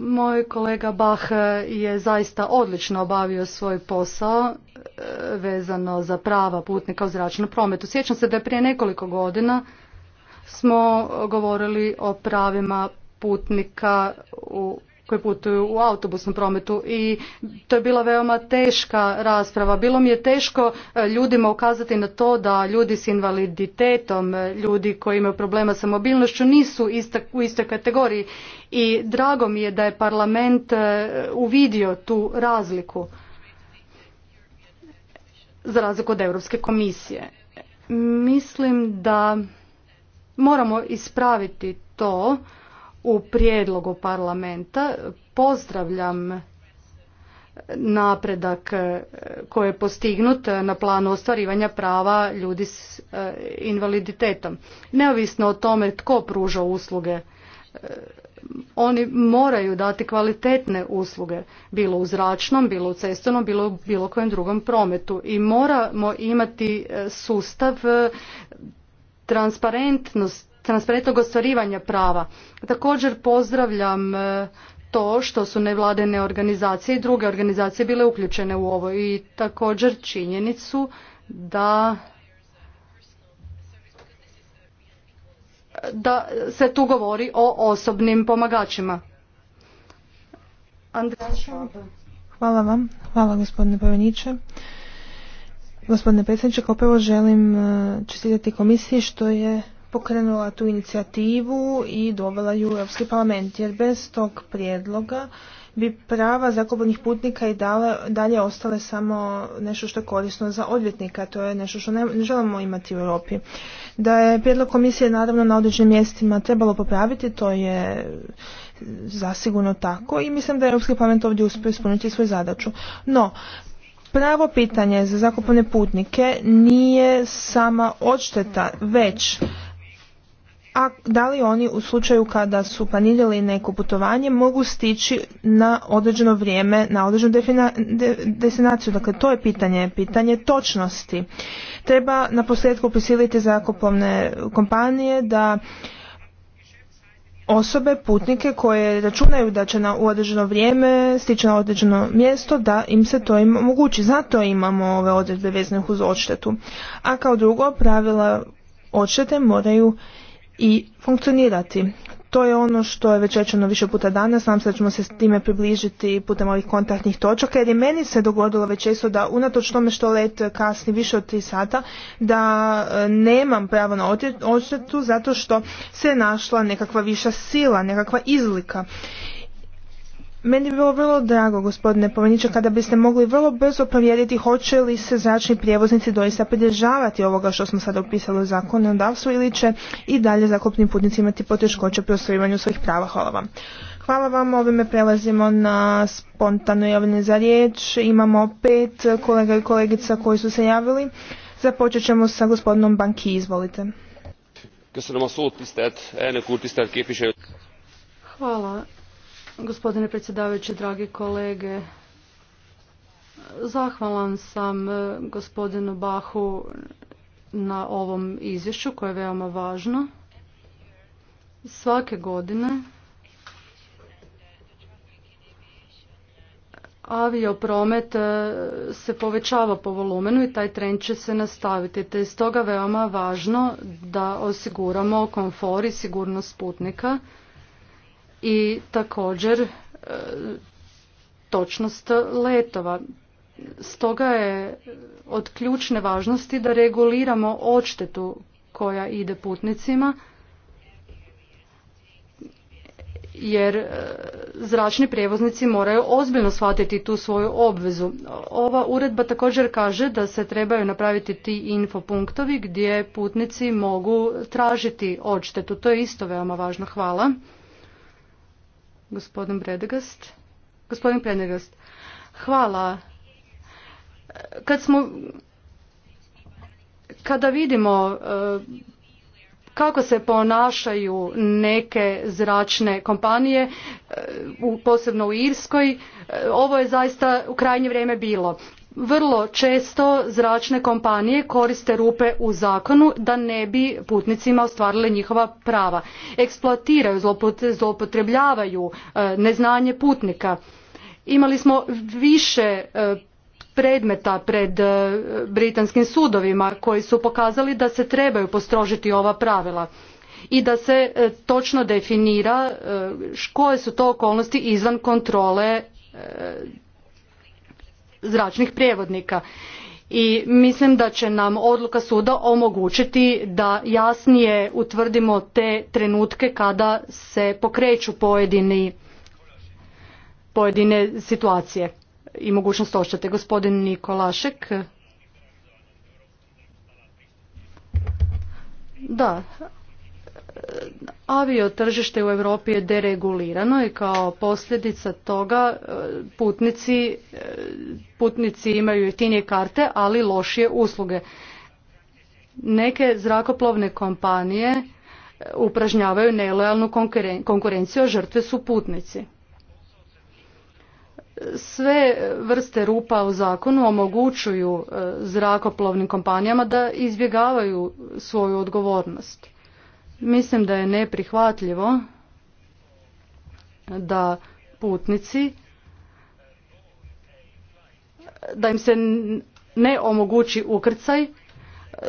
moj kolega Bach je zaista odlično obavio svoj posao e, vezano za prava putnika u zračnom prometu. Sjećam se da je prije nekoliko godina smo govorili o pravima putnika u koji putuju u autobusnom prometu i to je bila veoma teška rasprava. Bilo mi je teško e, ljudima ukazati na to da ljudi s invaliditetom, e, ljudi koji imaju problema sa mobilnošću nisu u istoj kategoriji i drago mi je da je parlament e, uvidio tu razliku za razliku od Europske komisije. Mislim da moramo ispraviti to u prijedlogu parlamenta. Pozdravljam napredak e, koji je postignut na planu ostvarivanja prava ljudi s e, invaliditetom. Neovisno o tome tko pruža usluge, e, oni moraju dati kvalitetne usluge, bilo u zračnom, bilo u cestovnom, bilo u bilo kojem drugom prometu. I moramo imati sustav transparentnost transparentnog ostvarivanja prava. Također pozdravljam e, to što su nevladene organizacije i druge organizacije bile uključene u ovo i također činjenicu da da se tu govori o osobnim pomagačima. Hvala vam. Hvala gospodine Poveniče. Gospodine predsjedniče, kao prvo želim e, čestitati komisiji što je pokrenula tu inicijativu i dovela ju u Europski parlament, jer bez tog prijedloga bi prava zakupovnih putnika i dalje ostale samo nešto što je korisno za odvjetnika, to je nešto što ne, želimo imati u Europi. Da je prijedlog komisije naravno na određenim mjestima trebalo popraviti, to je zasigurno tako i mislim da je Europski parlament ovdje uspio ispuniti svoju zadaću. No, Pravo pitanje za zakupovne putnike nije sama odšteta, već a da li oni u slučaju kada su planirali neko putovanje mogu stići na određeno vrijeme, na određenu destinaciju. Dakle, to je pitanje, pitanje točnosti. Treba na posljedku prisiliti zakupovne kompanije da osobe, putnike koje računaju da će na određeno vrijeme stići na određeno mjesto, da im se to im omogući. Zato imamo ove odredbe vezane uz odštetu. A kao drugo, pravila odštete moraju i funkcionirati. To je ono što je već rečeno više puta danas, nam se da ćemo se s time približiti putem ovih kontaktnih točaka, jer je meni se dogodilo već često da unatoč tome što let kasni više od 3 sata, da e, nemam pravo na odštetu zato što se našla nekakva viša sila, nekakva izlika. Meni bi bilo vrlo drago, gospodine povjereniče kada biste mogli vrlo brzo provjeriti hoće li se zračni prijevoznici doista pridržavati ovoga što smo sada opisali u zakonodavstvu ili će i dalje zakupni putnici imati poteškoće pri ostvarivanju svojih prava. Hvala vam. Hvala vam, ovime prelazimo na spontano javljanje za riječ. Imamo pet kolega i kolegica koji su se javili. Započet ćemo sa gospodinom Banki, izvolite. Hvala Gospodine predsjedavajući, dragi kolege, zahvalan sam e, gospodinu Bahu na ovom izvješću koje je veoma važno. Svake godine aviopromet e, se povećava po volumenu i taj trend će se nastaviti. Te je stoga veoma važno da osiguramo komfor i sigurnost putnika i također e, točnost letova. Stoga je od ključne važnosti da reguliramo odštetu koja ide putnicima jer e, zračni prijevoznici moraju ozbiljno shvatiti tu svoju obvezu. Ova uredba također kaže da se trebaju napraviti ti infopunktovi gdje putnici mogu tražiti odštetu. To je isto veoma važno. Hvala gospodin Bredegast. Gospodin Bredegast, hvala. Kad Kada vidimo e, kako se ponašaju neke zračne kompanije, e, posebno u Irskoj, e, ovo je zaista u krajnje vrijeme bilo. Vrlo često zračne kompanije koriste rupe u zakonu da ne bi putnicima ostvarile njihova prava. Eksploatiraju, zloupotrebljavaju e, neznanje putnika. Imali smo više e, predmeta pred e, britanskim sudovima koji su pokazali da se trebaju postrožiti ova pravila i da se točno definira koje su to okolnosti izvan kontrole zračnih prijevodnika. i mislim da će nam odluka suda omogućiti da jasnije utvrdimo te trenutke kada se pokreću pojedini, pojedine situacije i mogućnost oštete. Gospodin Nikolašek. Da, tržište u Europi je deregulirano i kao posljedica toga e, putnici, e, putnici imaju jeftinije karte, ali lošije usluge. Neke zrakoplovne kompanije e, upražnjavaju nelojalnu konkurenciju, a žrtve su putnici. Sve vrste rupa u zakonu omogućuju zrakoplovnim kompanijama da izbjegavaju svoju odgovornost Mislim da je neprihvatljivo da putnici da im se ne omogući ukrcaj e,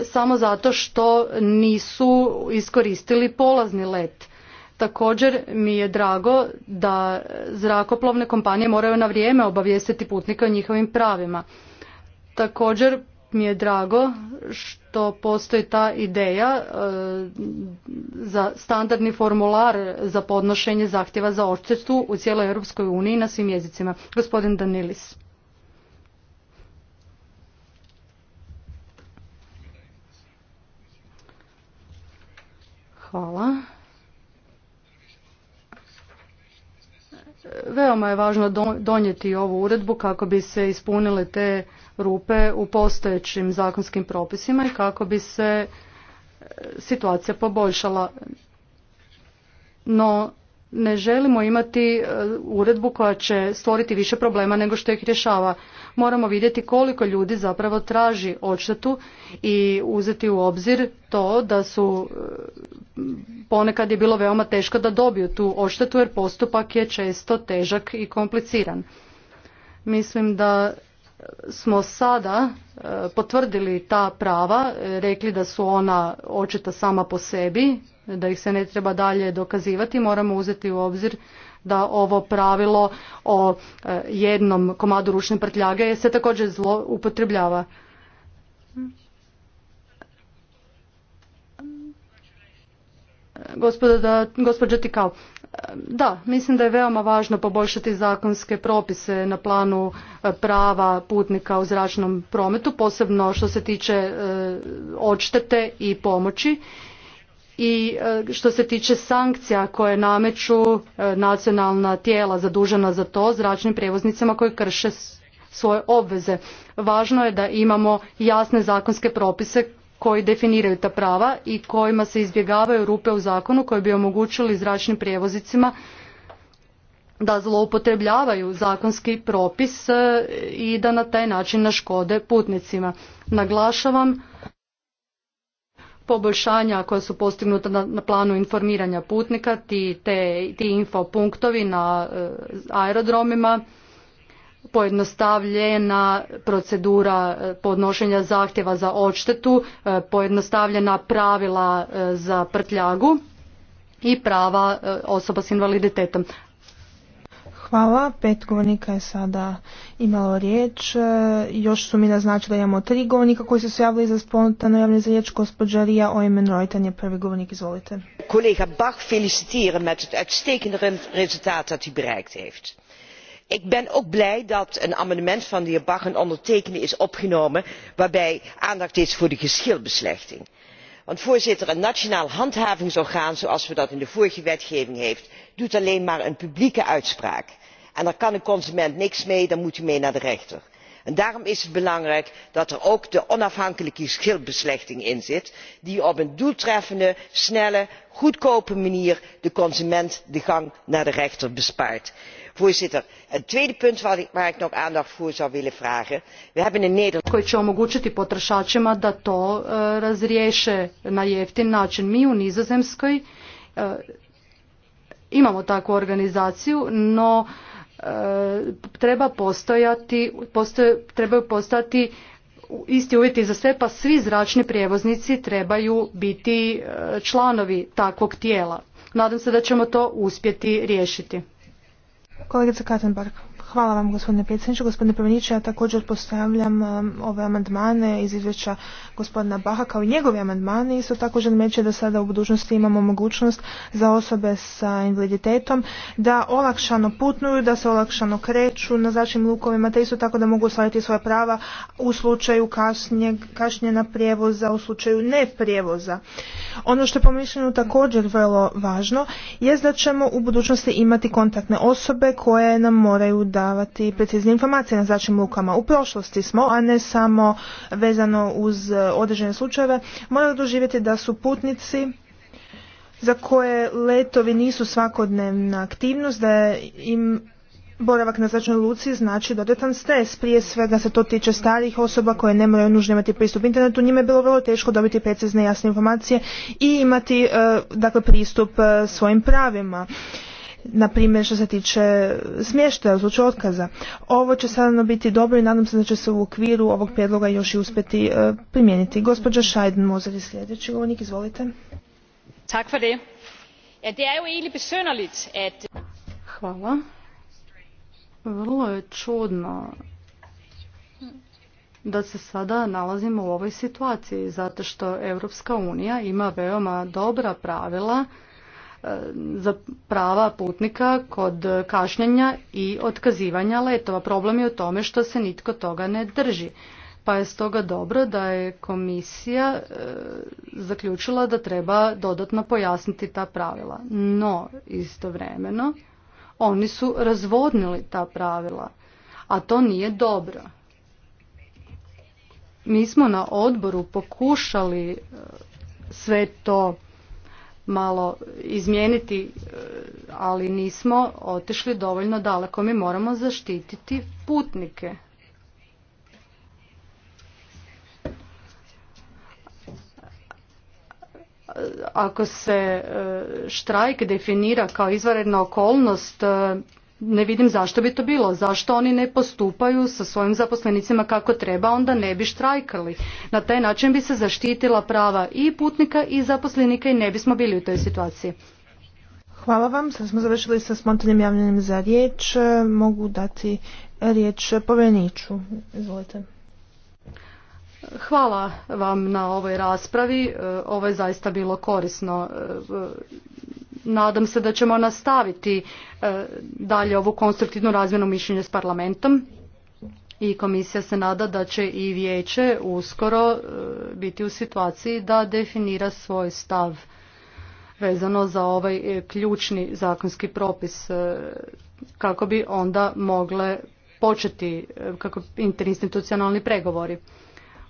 samo zato što nisu iskoristili polazni let. Također mi je drago da zrakoplovne kompanije moraju na vrijeme obavijestiti putnika o njihovim pravima. Također mi je drago što postoji ta ideja e, za standardni formular za podnošenje zahtjeva za odštetu u cijeloj Europskoj uniji na svim jezicima. Gospodin Danilis. Hvala. Veoma je važno donijeti ovu uredbu kako bi se ispunile te rupe u postojećim zakonskim propisima i kako bi se e, situacija poboljšala. No, ne želimo imati e, uredbu koja će stvoriti više problema nego što ih rješava. Moramo vidjeti koliko ljudi zapravo traži odštetu i uzeti u obzir to da su e, ponekad je bilo veoma teško da dobiju tu odštetu jer postupak je često težak i kompliciran. Mislim da smo sada e, potvrdili ta prava, e, rekli da su ona očita sama po sebi, da ih se ne treba dalje dokazivati, moramo uzeti u obzir da ovo pravilo o e, jednom komadu ručne prtljage se također zlo upotrebljava. Gospoda, Tikao, da, mislim da je veoma važno poboljšati zakonske propise na planu e, prava putnika u zračnom prometu, posebno što se tiče e, odštete i pomoći i e, što se tiče sankcija koje nameću nacionalna tijela zadužena za to zračnim prijevoznicima koji krše svoje obveze. Važno je da imamo jasne zakonske propise koji definiraju ta prava i kojima se izbjegavaju rupe u zakonu koje bi omogućili zračnim prijevoznicima da zloupotrebljavaju zakonski propis e, i da na taj način naškode putnicima. Naglašavam poboljšanja koja su postignuta na planu informiranja putnika, ti, ti infopunktovi na e, aerodromima, pojednostavljena procedura e, podnošenja zahtjeva za odštetu, e, pojednostavljena pravila e, za prtljagu i prava osoba s invaliditetom. Hvala, pet govornika je sada imalo riječ. Još su mi naznačili da imamo tri govornika koji su se javili za spontano javni za riječ. Gospođa Rija Ojmen Rojtan je prvi govornik, izvolite. Kolega Bach feliciteren met het dat ik ben ook blij dat een amendement van de heer bach en ondertekende is opgenomen waarbij aandacht is voor de geschilbeslechting. want voorzitter een nationaal handhavingsorgaan zoals we dat in de vorige wetgeving hebben doet alleen maar een publieke uitspraak en daar kan een consument niks mee dan moet hij mee naar de rechter. daarom is het belangrijk dat er ook de onafhankelijke geschilbeslechting in zit die op een doeltreffende snelle goedkope manier de consument de gang naar de rechter bespaart voorzitter een tweede punt waar ik koji će omogućiti potrošačima da to eh, razriješe na jeftin način. mi u nizozemskoj eh, imamo takvu organizaciju no eh, treba postojati, trebaju postati isti uvjeti za sve pa svi zračni prijevoznici trebaju biti članovi takvog tijela. Nadam se da ćemo to uspjeti riješiti. Kolegica Katenberg. Hvala vam gospodine predsjedniče. Gospodine Prveniće, ja također postavljam um, ove amandmane iz izvješća gospodina Baha kao i njegovi amandmani. Isto također, želim reći da sada u budućnosti imamo mogućnost za osobe sa invaliditetom da olakšano putnuju, da se olakšano kreću na zračnim lukovima, te isto tako da mogu ostvariti svoja prava u slučaju kasnje, na prijevoza, u slučaju ne prijevoza. Ono što je po također vrlo važno je da ćemo u budućnosti imati kontaktne osobe koje nam moraju davati precizne informacije na zračnim lukama. U prošlosti smo, a ne samo vezano uz e, određene slučajeve, morali doživjeti da su putnici za koje letovi nisu svakodnevna aktivnost, da im boravak na zračnoj luci znači dodatan stres. Prije svega se to tiče starih osoba koje ne moraju nužno imati pristup internetu. Njima je bilo vrlo teško dobiti precizne jasne informacije i imati e, dakle, pristup e, svojim pravima na primjer što se tiče smještaja u slučaju otkaza. Ovo će sadno biti dobro i nadam se da će se u okviru ovog prijedloga još i uspjeti e, primijeniti. Gospođa Šajden može je sljedeći govornik, izvolite. Er Hvala. Vrlo je čudno da se sada nalazimo u ovoj situaciji zato što Europska unija ima veoma dobra pravila za prava putnika kod kašnjenja i otkazivanja letova. Problem je u tome što se nitko toga ne drži. Pa je stoga dobro da je komisija e, zaključila da treba dodatno pojasniti ta pravila. No, istovremeno, oni su razvodnili ta pravila, a to nije dobro. Mi smo na odboru pokušali e, sve to malo izmijeniti, e, ali nismo otišli dovoljno daleko. Mi moramo zaštititi putnike. Ako se e, štrajk definira kao izvanredna okolnost, e, ne vidim zašto bi to bilo, zašto oni ne postupaju sa svojim zaposlenicima kako treba, onda ne bi štrajkali. Na taj način bi se zaštitila prava i putnika i zaposlenika i ne bismo bili u toj situaciji. Hvala vam, sad smo završili sa spontanim javljanjem za riječ. Mogu dati riječ poveniču. Izvolite. Hvala vam na ovoj raspravi. E, ovo je zaista bilo korisno. E, nadam se da ćemo nastaviti e, dalje ovu konstruktivnu razmjenu mišljenja s parlamentom i komisija se nada da će i vijeće uskoro e, biti u situaciji da definira svoj stav vezano za ovaj e, ključni zakonski propis kako bi onda mogle početi kako interinstitucionalni pregovori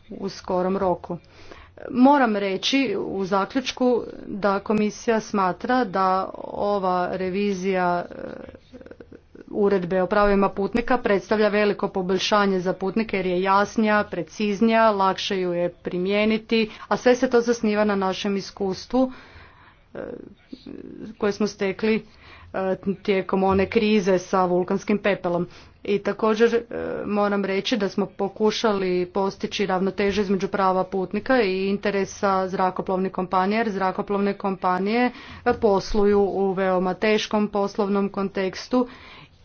u skorom roku. Moram reći u zaključku da komisija smatra da ova revizija e, uredbe o pravima putnika predstavlja veliko poboljšanje za putnike jer je jasnija, preciznija, lakše ju je primijeniti, a sve se to zasniva na našem iskustvu e, koje smo stekli E, tijekom one krize sa vulkanskim pepelom. I također e, moram reći da smo pokušali postići ravnotežu između prava putnika i interesa zrakoplovnih kompanija, jer zrakoplovne kompanije e, posluju u veoma teškom poslovnom kontekstu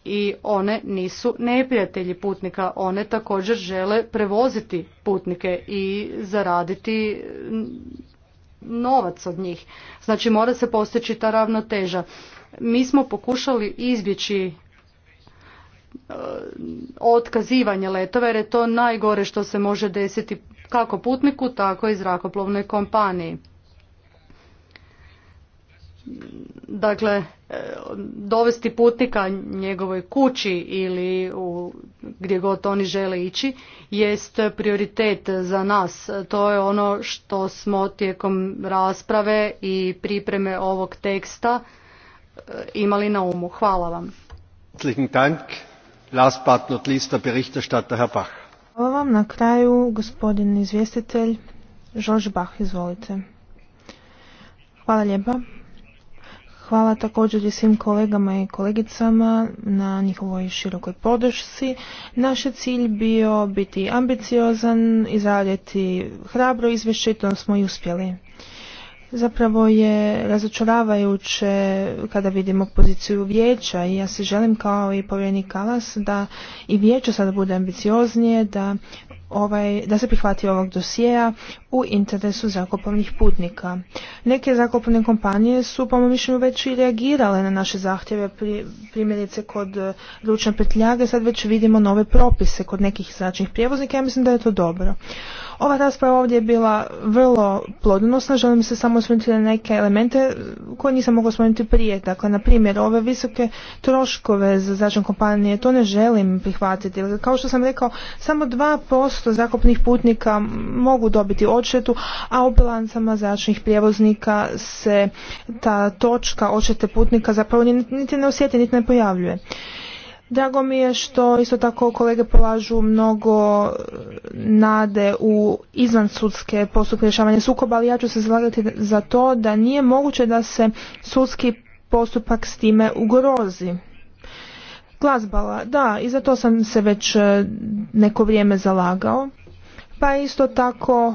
i one nisu neprijatelji putnika, one također žele prevoziti putnike i zaraditi novac od njih. Znači mora se postići ta ravnoteža mi smo pokušali izbjeći e, otkazivanje letova jer je to najgore što se može desiti kako putniku tako i zrakoplovnoj kompaniji. Dakle, e, dovesti putnika njegovoj kući ili u, gdje god oni žele ići jest prioritet za nas. To je ono što smo tijekom rasprave i pripreme ovog teksta E, imali na umu. Hvala vam. Hvala vam. Na kraju gospodin izvjestitelj Žorž Bach, izvolite. Hvala lijepa. Hvala također i svim kolegama i kolegicama na njihovoj širokoj podršci. Naš cilj bio biti ambiciozan, izraditi hrabro izvješće i to smo i uspjeli. Zapravo je razočaravajuće kada vidimo poziciju vijeća i ja se želim kao i povjerenik Kalas da i vijeće sada bude ambicioznije, da, ovaj, da se prihvati ovog dosjeja u interesu zakupovnih putnika. Neke zakupovne kompanije su, po mojom mišljenju, već i reagirale na naše zahtjeve, primjerice kod e, ručne petljage, sad već vidimo nove propise kod nekih zračnih prijevoznika, ja mislim da je to dobro. Ova rasprava ovdje je bila vrlo plodnosna. želim se samo osvrnuti na neke elemente koje nisam mogla osvrnuti prije. Dakle, na primjer, ove visoke troškove za zračne kompanije, to ne želim prihvatiti. Kao što sam rekao, samo 2% zakopnih putnika mogu dobiti od odšetu, a u bilancama zračnih prijevoznika se ta točka odštete putnika zapravo niti ne osjeti, niti ne pojavljuje. Drago mi je što isto tako kolege polažu mnogo e, nade u izvan sudske postupke rješavanja sukoba, ali ja ću se zalagati za to da nije moguće da se sudski postupak s time ugrozi. Glazbala, da, i za to sam se već e, neko vrijeme zalagao. Pa isto tako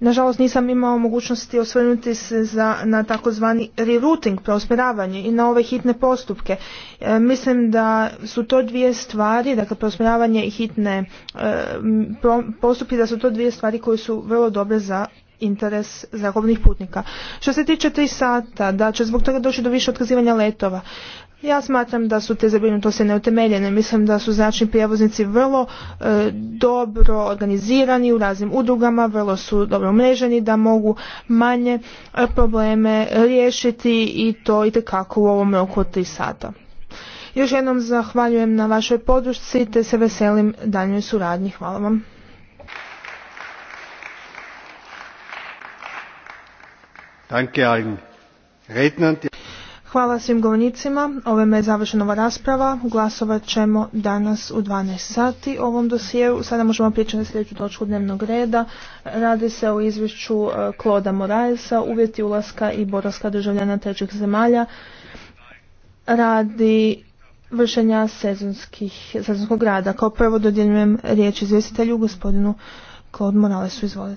Nažalost nisam imao mogućnosti osvrnuti se za, na takozvani rerouting, preusmjeravanje i na ove hitne postupke. E, mislim da su to dvije stvari, dakle preusmjeravanje i hitne e, postupke, da su to dvije stvari koje su vrlo dobre za interes zrakovnih putnika. Što se tiče tri sata, da će zbog toga doći do više otkazivanja letova. Ja smatram da su te zabrinutosti neutemeljene. Mislim da su zračni prijevoznici vrlo e, dobro organizirani u raznim udrugama, vrlo su dobro umreženi da mogu manje e, probleme riješiti i to i kako u ovom roku od 3 sata. Još jednom zahvaljujem na vašoj podršci te se veselim daljnjoj suradnji. Hvala vam. Danke Hvala svim govornicima. Ovime je završena ova rasprava. Glasovat ćemo danas u 12 sati o ovom dosijeu. Sada možemo prijeći na sljedeću točku dnevnog reda. Radi se o izvješću Kloda e, Moraesa, uvjeti ulaska i boraska državljana trećih zemalja. Radi vršenja sezonskih, sezonskog rada. Kao prvo dodjeljujem riječ izvjestitelju gospodinu Klod Moralesu, Izvolite.